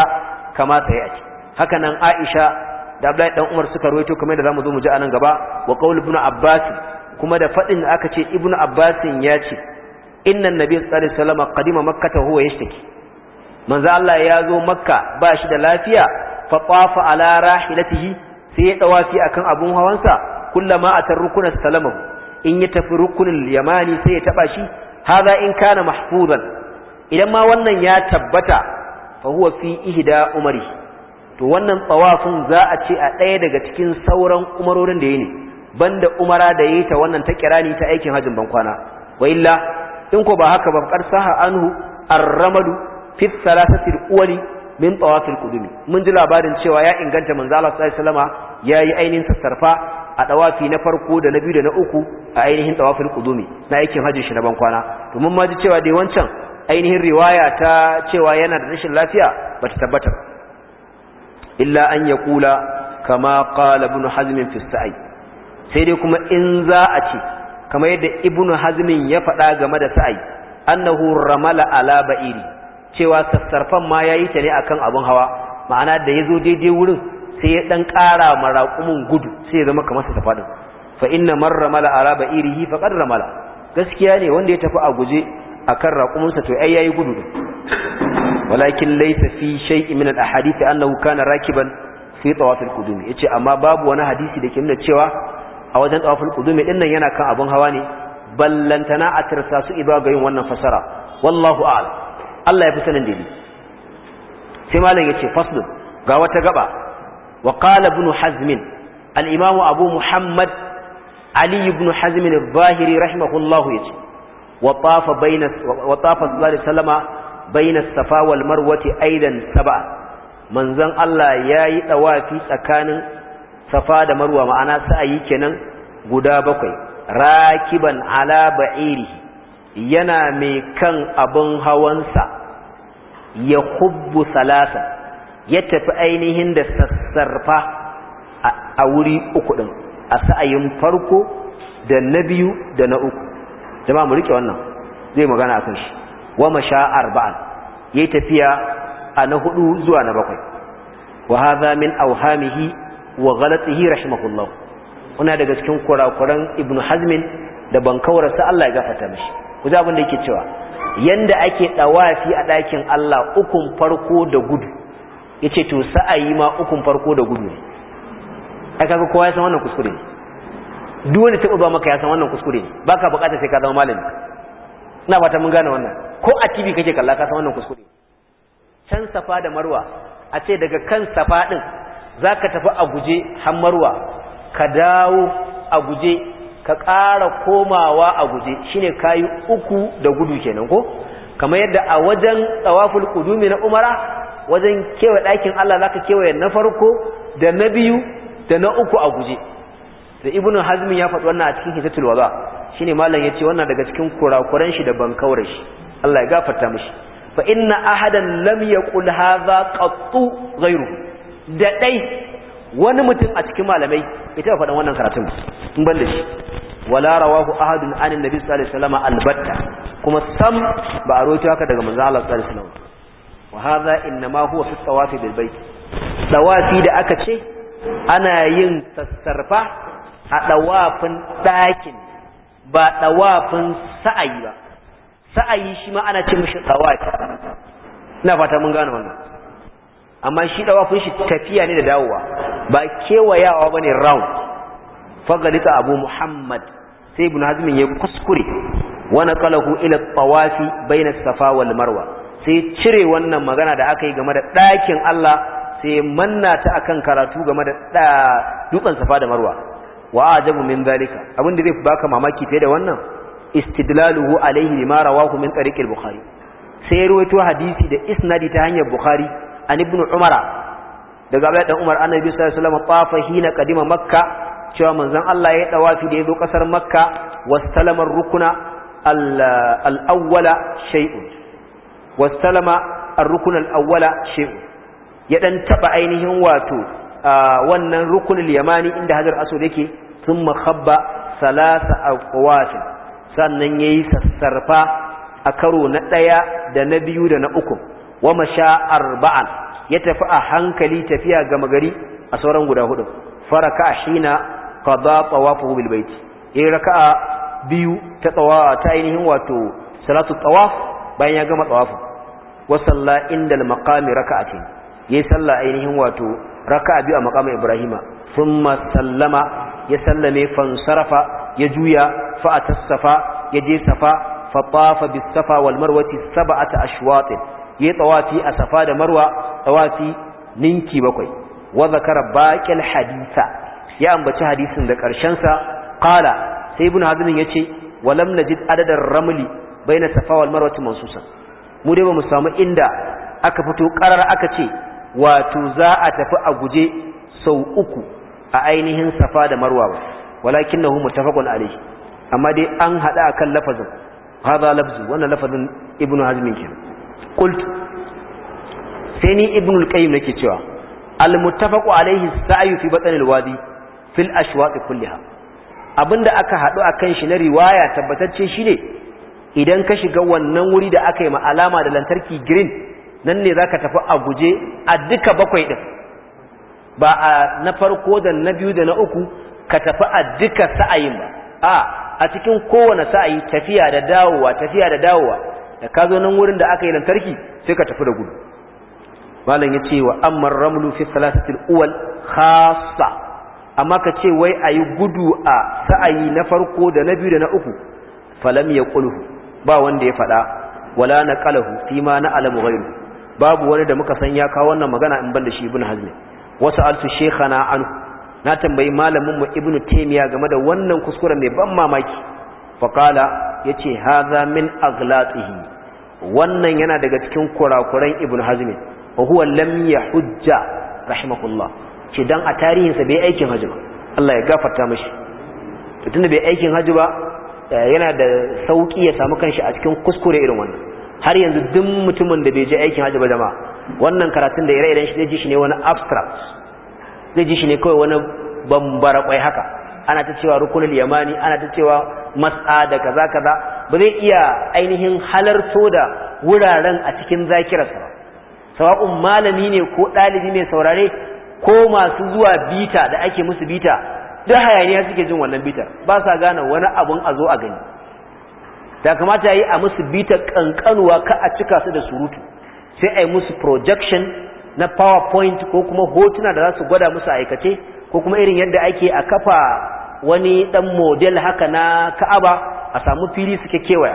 kama sai a ce haka nan Aisha da Abdullahi dan Umar suka rawaito kamar da zamu zo mu ji anan gaba wa qaul Ibn Abbas kuma da fadin da aka ce Ibn Abbas ya ce innan nabi sallallahu alaihi wasallam qadima makkata huwa yashtaki manzo Allah ya zo makka ba shi da lafiya fa tafa ala rahilatihi sai ya dawafi akan abun hawansa kullama atarrukuna rukuna salamahu in ya tafi rukunin yamani sai ya taba shi haza in kana mahfuzan idan ma wannan ya tabbata fa huwa fi ihda umari to wannan tawafin za a ce a ɗaya daga cikin sauran umarorin da ya ne banda umara da yayi ta wannan ta kirani ta aikin hajjin bankwana wa illa in ko ba haka ba kar saha anhu ar-ramadu fi thalathati al-awwali min tawaf al-qudumi mun ji labarin cewa ya inganta manzo Allah sallallahu alaihi wasallama yayi ainihin sassarfa a dawafi na farko da na biyu da na uku a ainihin tawaf al-qudumi na aikin haji shi na ban kwana to mun ma ji cewa dai wancan ainihin riwaya ta cewa yana da rashin lafiya ba ta tabbata illa an ya kula kama qala ibn hazm fi sa'i sai dai kuma in za a ce kamar yadda ibnu hazmin ya faɗa game da sa'ai annahu ramala ala ba'iri cewa sassarfan ma yayi ta ne akan abun hawa ma'ana da yazo daidai wurin sai ya dan ƙara maraƙumin gudu sai ya zama kamar sa faɗin, fa inna man ramala ala ba'irihi faqad ramala gaskiya ne wanda ya tafi a guje akan raƙuminsa to ai yayi gudu walakin laysa fi shay'in min al-ahadith annahu kana rakiban fi tawaf qudumi yace amma babu wani hadisi da ke nuna cewa a wajen tawaful qudumi din nan yana kan abun hawa ne ballantana a tarsa su iba ga yin wannan fasara wallahu Allah ya fi sanin dai sai malam yace fasl ga wata gaba wa qala ibn hazm al imam abu muhammad ali ibn hazm al-zahiri rahimahullahu yace wa tafa bayna wa tafa sallallahu alaihi bayna safa wal marwa aidan sab'a manzon Allah yayi dawafi tsakanin safa da marwa ma'ana sa'ayi kenan guda bakwai rakiban ala bairi yana mai kan abin hawansa ya hubbu salasa ya tafi ainihin da sassarfa a wuri uku ɗin a sa'ayin farko da na biyu da na uku jama'a mu rike wannan zai magana akan shi wa masha arba'an yayi tafiya a na hudu zuwa na bakwai wa hadha min awhamihi wa ghalatihi rahimahullah kuna daga cikin kurakuran ibnu hazmin da Bankawar, sa Allah ya gafarta mishi ku ji abin da yake cewa yanda ake dawafi a ɗakin Allah ukun farko da gudu yace to sa'ayi ma ukun farko da gudu ne ai kaga kowa ya san wannan kuskure ne duk wanda ta ba maka ya san wannan kuskure ne baka bukata sai ka zama malami ina fata mun gane wannan ko a TV kake kalla ka san wannan kuskure can safa da marwa a ce daga kan safa din za ka tafi a guje hammarwa ka dawo a guje ka ƙara komawa a guje shine kayi uku da gudu kenan ko kamar yadda a wajen tsawaful kudumi na umara wajen kewa ɗakin Allah za ka kewaye na farko da na biyu da na uku a guje da ibnu hazmin ya faɗi wannan a cikin hisatul waza shine ya ce wannan daga cikin kurakuran shi da bankaurar shi Allah ya gafarta mishi fa inna ahadan lam yaqul hadha qattu ghayruhu da ɗai wani mutum a cikin malamai bai taɓa faɗin wannan karatun in ban da shi wala rawahu ahadun anin nabi sallallahu alaihi wasallam albatta kuma sam ba a rawaito haka daga manzo Allah sallallahu alaihi wasallam wa hadha inma huwa fi tawafi bil bait tawafi da aka ce ana yin sassarfa a dawafin ɗakin ba dawafin sa'ayi ba sa'ayi shi ma ana ce mishi tawafi ina fata mun gane wannan amma shi dawafin shi tafiya ne da dawowa ba kewayawa bane round fagalita abu muhammad sai ibn hazm ya kuskure wa naqalahu ila tawafi bayna safa wal marwa sai cire wannan magana da aka yi game da ɗakin Allah sai manna ta a kan karatu game da dutsen safa da marwa wa ajabu min zalika abin da zai baka mamaki fiye da wannan istidlaluhu alaihi limara rawahu min tariqil bukhari sai ruwaito hadisi da isnadi ta hanyar bukhari an ibn umara daga abdullahi dan umar annabi sallallahu alaihi wasallam tafa hina qadima makka cewa manzon Allah ya dawafi da yazo kasar makka wastalama rukuna al-awwala shay'un wastalama ar-rukun al-awwala shay'un ya dan taba ainihin wato wannan rukunul yamani inda hajar aso yake thumma khabba salasa aqwat sannan yayi sassarfa a karo na daya da na biyu da na uku wa masha arba'an ya tafi a hankali tafiya gama gari a sauran guda hudu faraka shina qada tawafuhu bil bait yayin raka'a biyu ta tsawa ta ainihin wato salatu tawaf bayan ya gama tawafu wa salla indal maqami raka'atin yayin salla ainihin wato raka'a biyu a maqami ibrahima thumma sallama ya sallame fansarafa ya juya fa atassafa ya je safa fa tafa bis safa wal marwati sab'ata ashwatin yayi tsawafi a safa da marwa tsawafi ninki bakwai wa zakara hadisa haditha ya ambaci hadisin da karshen sa kala sai ibn ya ce walam najid adadar bai na safa wal marwa mansusan mu dai mu samu inda aka fito karar aka ce wato za a tafi a guje sau uku a ainihin safa da marwa ba walakin na hu amma dai an hada akan lafazin haza lafzu wannan lafazin ibnu hazmin kenan qultu sai ni ibn al-qayyim nake cewa al-muttafaqu alayhi sa'yu fi batn al-wadi fil ashwaq kulliha abinda aka hadu akan shi na riwaya tabbatacce shine idan ka shiga wannan wuri da aka yi ma alama da lantarki green nan ne zaka tafi a guje a duka bakwai din ba a na farko da na biyu da na uku ka tafi a duka sa'ayin ba a a cikin kowane sa'ayi tafiya da dawowa tafiya da dawowa da ka zo nan wurin da aka yi lantarki sai ka tafi da gudu malam ya ce wa amman ramlu fi salatatil uwal khassa amma ka ce wai ayi gudu a sa'ayi na farko da na biyu da na uku falam ya yaquluhu ba wanda ya fada wala naqalahu fi ma alamu ghayru babu wani da muka san ya kawo wannan magana in ban da shi ibn hazmi wasu altu shekhana an na tambayi malamin mu ibnu taymiya game da wannan kuskuren mai ban mamaki faqala yace hadha min aghlatihi wannan yana daga cikin kurakuran ibn hazmin wa huwa lam yahujja rahimahullah ce dan a tarihinsa bai aikin haji ba Allah ya gafarta mashi tunda bai aikin haji ba eh, yana da sauki ya samu kanshi a cikin kuskure irin wannan har yanzu duk mutumin da bai je aikin haji ba jama'a wannan karatun da ire-iren shi zai ji shi ne wani abstract zai ji shi ne kawai wani bambara kwai haka ana ta cewa rukunul yamani ana ta cewa mas'a da kaza kaza ba zai iya ainihin halarto da wuraren a cikin zakira ba sawa'un malami ne ko ɗalibi ne saurare ko masu zuwa bita da ake musu bita duk hayaniya suke jin wannan bitar ba sa gane wani abun a zo a gani da kamata yi a musu bitar kankanuwa ka a cika su da surutu sai a yi musu projection na powerpoint ko kuma hotuna da za su gwada musu aikace ko kuma irin yadda ake a kafa wani dan model haka na ka'aba a samu fili suke kewaya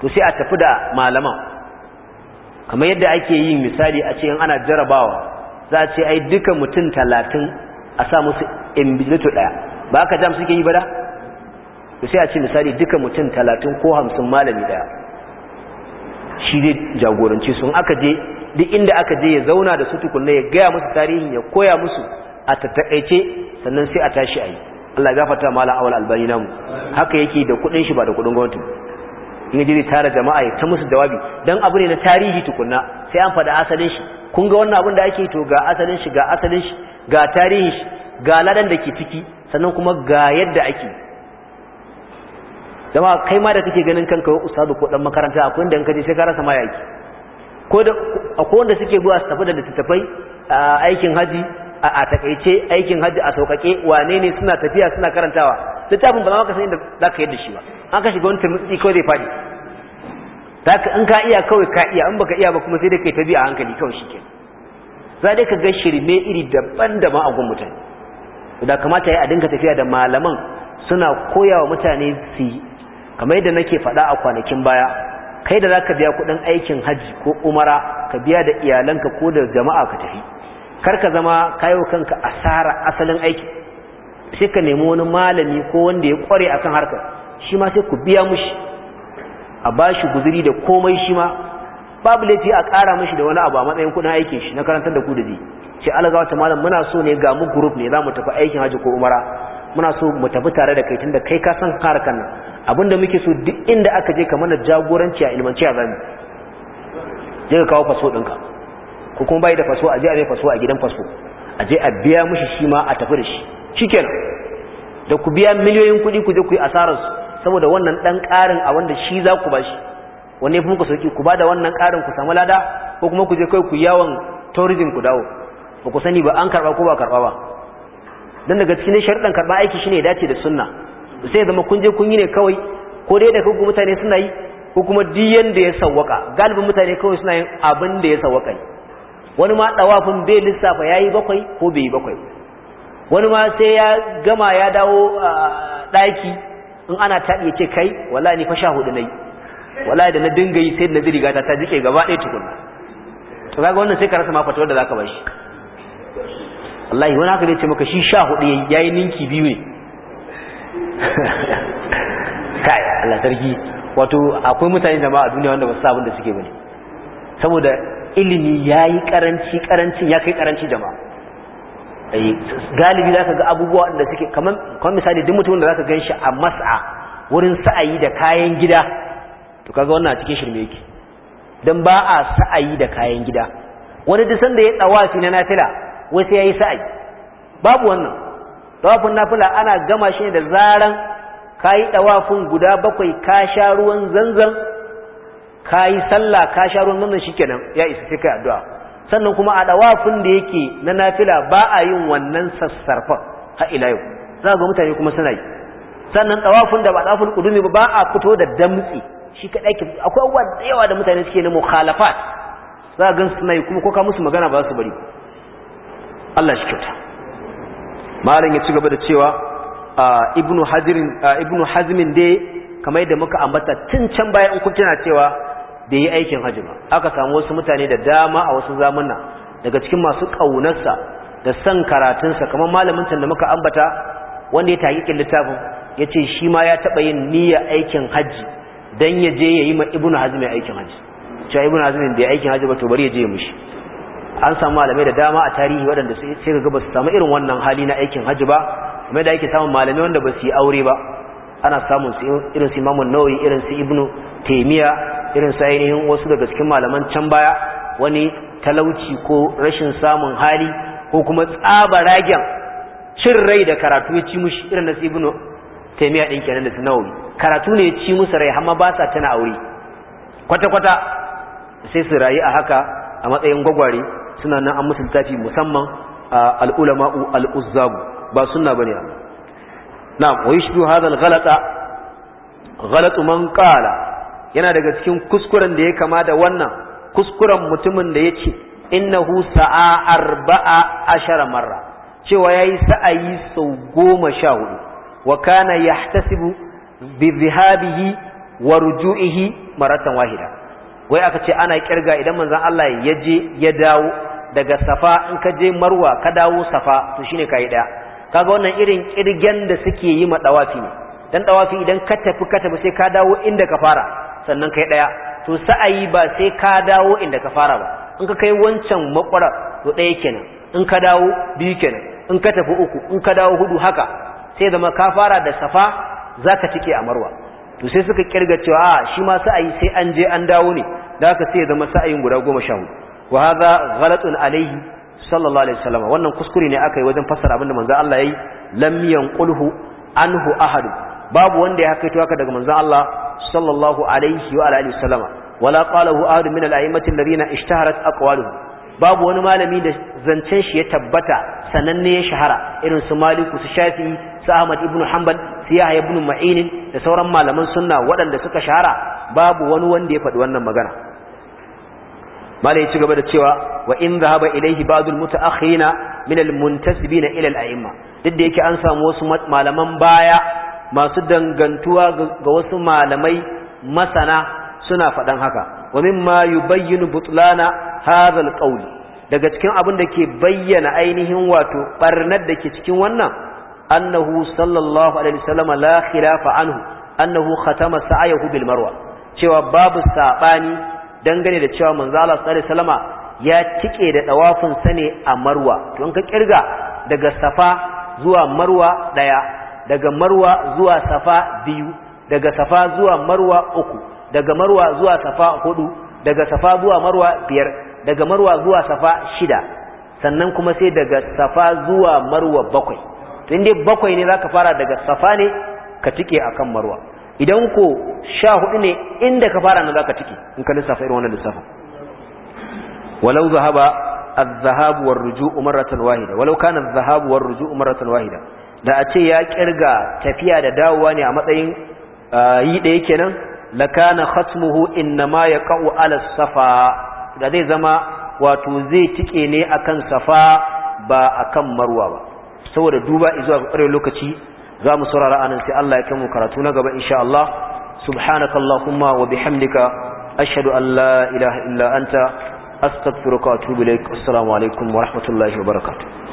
to sai a tafi da malaman kamar yadda ake yin misali a ce ana jarabawa za a ce ai duka mutum talatin a sa musu invigilator daya ba aka jam suke yi ba da to sai a ce misali duka mutum talatin ko hamsin malami daya shi dai jagoranci sun aka je duk inda aka je ya zauna da su tukunna ya gaya musu tarihin ya koya musu a tattakaice sannan sai a tashi yi. Allah ya gafarta mala awal albani namu haka yake da kudin shi ba da kudin gwamnati in ji tare jama'a ya ta musu jawabi dan abu ne na tarihi tukunna sai an faɗa asalin shi kun ga wannan abin da ake to ga asalin shi ga asalin shi ga tarihin shi ga ladan da ke ciki sannan kuma ga yadda ake jama'a kai ma da kake ganin kanka wa ustadu ko dan makaranta akwai inda in kaje sai ka rasa ma yaki ko da akwai wanda suke zuwa su tafi da littattafai aikin haji a takaice aikin hajji a sauƙaƙe wane ne suna tafiya suna karantawa littafin ba za ka san inda za ka yi da shi ba an ka shiga wani turmutsi kawai zai fadi ta ka in ka iya kawai ka iya in baka iya ba kuma sai dai kai ta biya a hankali kawai shi ke za dai ka ga shirme iri daban da ma a mutane da kamata ya a dinka tafiya da malaman suna koya wa mutane su yi kamar yadda nake faɗa a kwanakin baya kai da za ka biya kuɗin aikin hajji ko umara ka biya da iyalanka ko da jama'a ka tafi kar ka zama kayo kanka asara asalin aiki sai ka nemi wani malami ko wanda ya kware a kan harkar shi ma sai ku biya mushi a bashi guziri da komai shi ma babu laifi a kara mushi da wani abu a matsayin kudin aikin shi na karantar da ku da zai ce alaga wata malam muna so ne ga mu group ne za mu tafi aikin haji ko umara muna so mu tafi tare da kai tunda kai ka san harkar nan abinda muke so duk inda aka je ka mana jagoranci a ilmanci a zami je ka kawo faso ɗinka ko kuma bai da faso a je a mai faso a gidan faso a je a biya mushi shi ma a tafi da shi shikenan da ku biya miliyoyin kuɗi ku je ku yi asarar saboda wannan dan ƙarin a wanda shi za ku bashi wanne ya fi muku sauki ku bada wannan ƙarin ku samu lada ko kuma ku je kai ku yawon tourism ku dawo ba ku sani ba an karɓa ko ba karɓa ba dan daga cikin sharuɗan karɓa aiki shine ya dace da sunna sai zama kun je kun yi ne kawai ko dai da kanku mutane suna yi ko kuma diyan da ya sawwaka galibin mutane kawai suna yin abin da ya sawwaka ne wani ma ɗawafin bai lissafa ya yi bakwai ko bai yi bakwai wani ma sai ya gama ya dawo ɗaki in ana taɗi ya ce kai wala ni fasha hudu na yi wala da na dinga yi sai da na ji rigata ta jike gaba ɗaya tukuna to kaga wannan sai ka rasa ma fatawar da zaka bashi wallahi wani haka zai ce maka shi sha hudu yayi ninki biyu ne kai Allah sarki wato akwai mutane jama'a a duniya wanda ba su abin da suke bane saboda ilimi ya yi karanci karanci ya kai karanci jama'a eh, galibi za ka ga abubuwa da suke kamar misali duk mutumin da za ka gan shi a mas'a wurin sa'ayi da kayan gida to kaga wannan a cikin shirme yake don ba a sa'ayi da kayan gida wani duk sanda ya tsawafi na nafila wai sai ya yi sa'ayi babu wannan tawafin nafila ana gama shi ne da zaran ka yi tawafin guda bakwai ka sha ruwan zanzan ka yi sallah ka sha ruwan zanzan shi kenan ya isa sai kai addu'a sannan kuma a ɗawafin da yake na nafila ba a yin wannan sassarfan ha ila yau za ga mutane kuma suna yi sannan ɗawafin da ba ɗawafin ƙudumi ba a fito da damtsi shi kaɗai ke akwai abubuwa da yawa da mutane suke na mukhalafat za ga gan suna yi kuma ko ka musu magana ba su bari Allah shi kyauta malam ya ci da cewa ibnu hazmin dai kamar yadda muka ambata tun can baya in kun cewa da yi aikin hajji ba aka samu wasu mutane da dama a wasu zamuna daga cikin masu kaunarsa da son karatunsa kamar malamin can da muka ambata wanda ya taƙiƙin littafin ya ce shi ma ya taɓa yin niyya aikin hajji don ya je ya yi ma ibn hazmi aikin hajji cewa ibn hazmi bai aikin hajji ba to bari ya je ya mushi an samu malamai da dama a tarihi waɗanda sai ga ba su samu irin wannan hali na aikin hajji ba kuma da ake samun malamai wanda ba su yi aure ba ana samun su irin su imamun nawawi irin su ibnu taimiya irin su ainihin wasu daga cikin malaman can baya wani talauci ko rashin samun hali ko kuma tsaba ragen cin rai da karatu ya ci mushi irin na tsibin taimiyya ɗin kenan da sunawi karatu ne ya ci musu rai amma ba sa tana aure kwata kwata sai su rayu a haka a matsayin gwagware suna nan an musu littafi musamman al'ulama'u ulamau ba suna ba ne bane na wa yashdu hadha al man qala yana daga cikin kuskuren da ya kama da wannan kuskuren mutumin da ya ce innahu sa'a arba'a ashara marra cewa yayi sa'ayi sau goma sha hudu wa kana yahtasibu bi zihabihi wa ruju'ihi maratan wahida wai aka ce ana kirga idan manzan Allah ya je ya dawo daga safa in ka je marwa ka dawo safa to shine kai daya kaga wannan irin kirgen da suke yi ma dawafi ne dan dawafi idan ka tafi ka tafi sai ka dawo inda ka fara sannan kai daya to sa'ayi ba sai ka dawo inda ka fara ba in ka kai wancan makwara to daya kenan in ka dawo biyu kenan in ka tafi uku in ka dawo hudu haka sai zama ka fara da safa zaka cike a marwa to sai suka kirga cewa a shi ma sa'ayi sai an je an dawo ne da haka sai zama sa'ayin guda goma sha hudu wa hadha ghalatun alayhi sallallahu alaihi wasallam wannan kuskure ne aka yi wajen fassara abinda manzo Allah yayi lam yanqulhu anhu ahadu babu wanda ya hakaito haka daga manzon Allah sallallahu alaihi wa alihi wasallama wala qalahu ahad min al-a'immati alladhina ishtaharat aqwaluhum babu wani malami da zancen shi ya tabbata sananne ya shahara irin su Maliku su Shafi'i su Ahmad ibn Hanbal su Yahya ibn Ma'in da sauran malaman sunna waɗanda suka shahara babu wani wanda ya faɗi wannan magana malai ya ci gaba da cewa wa in zahaba ilaihi ba'dul mutaakhirina min al-muntasibina ila al-a'imma duk da yake an samu wasu malaman baya masu dangantuwa ga wasu malamai masana suna faɗan haka wa mimma yubayyinu butlana hadha alqawl daga cikin abin da ke bayyana ainihin wato ɓarnar da ke cikin wannan annahu sallallahu alaihi wasallam la khilafa anhu annahu khatama sa'ayahu bil marwa cewa babu sabani dangane da cewa manzo Allah sallallahu alaihi ya tike da dawafin sa ne a marwa to an ka kirga daga safa zuwa marwa daya daga marwa zuwa safa biyu daga safa zuwa marwa uku daga marwa zuwa safa hudu daga safa zuwa marwa biyar daga marwa zuwa safa shida sannan kuma sai daga safa zuwa marwa bakwai tun dai bakwai ne zaka fara daga safa ne ka tike akan marwa idan ko sha hudu ne inda ka fara nan zaka tike in ka lissafa irin wannan lissafin walau zahaba الذهاب والرجوع مرة واحدة ولو كان الذهاب والرجوع مرة واحدة da a ce ya kirga tafiya da dawowa ne a matsayin yi ɗaya kenan lakana khatmuhu innama ka'u ala safa da zai zama wato zai tike ne akan safa ba akan marwa ba saboda duba izuwa ƙwarar lokaci za mu saurara anan sai Allah ya kai mu karatu na gaba insha Allah subhanakallahumma wa bihamdika ashhadu an la ilaha illa anta astaghfiruka wa atubu ilaik assalamu alaikum wa rahmatullahi wa barakatuh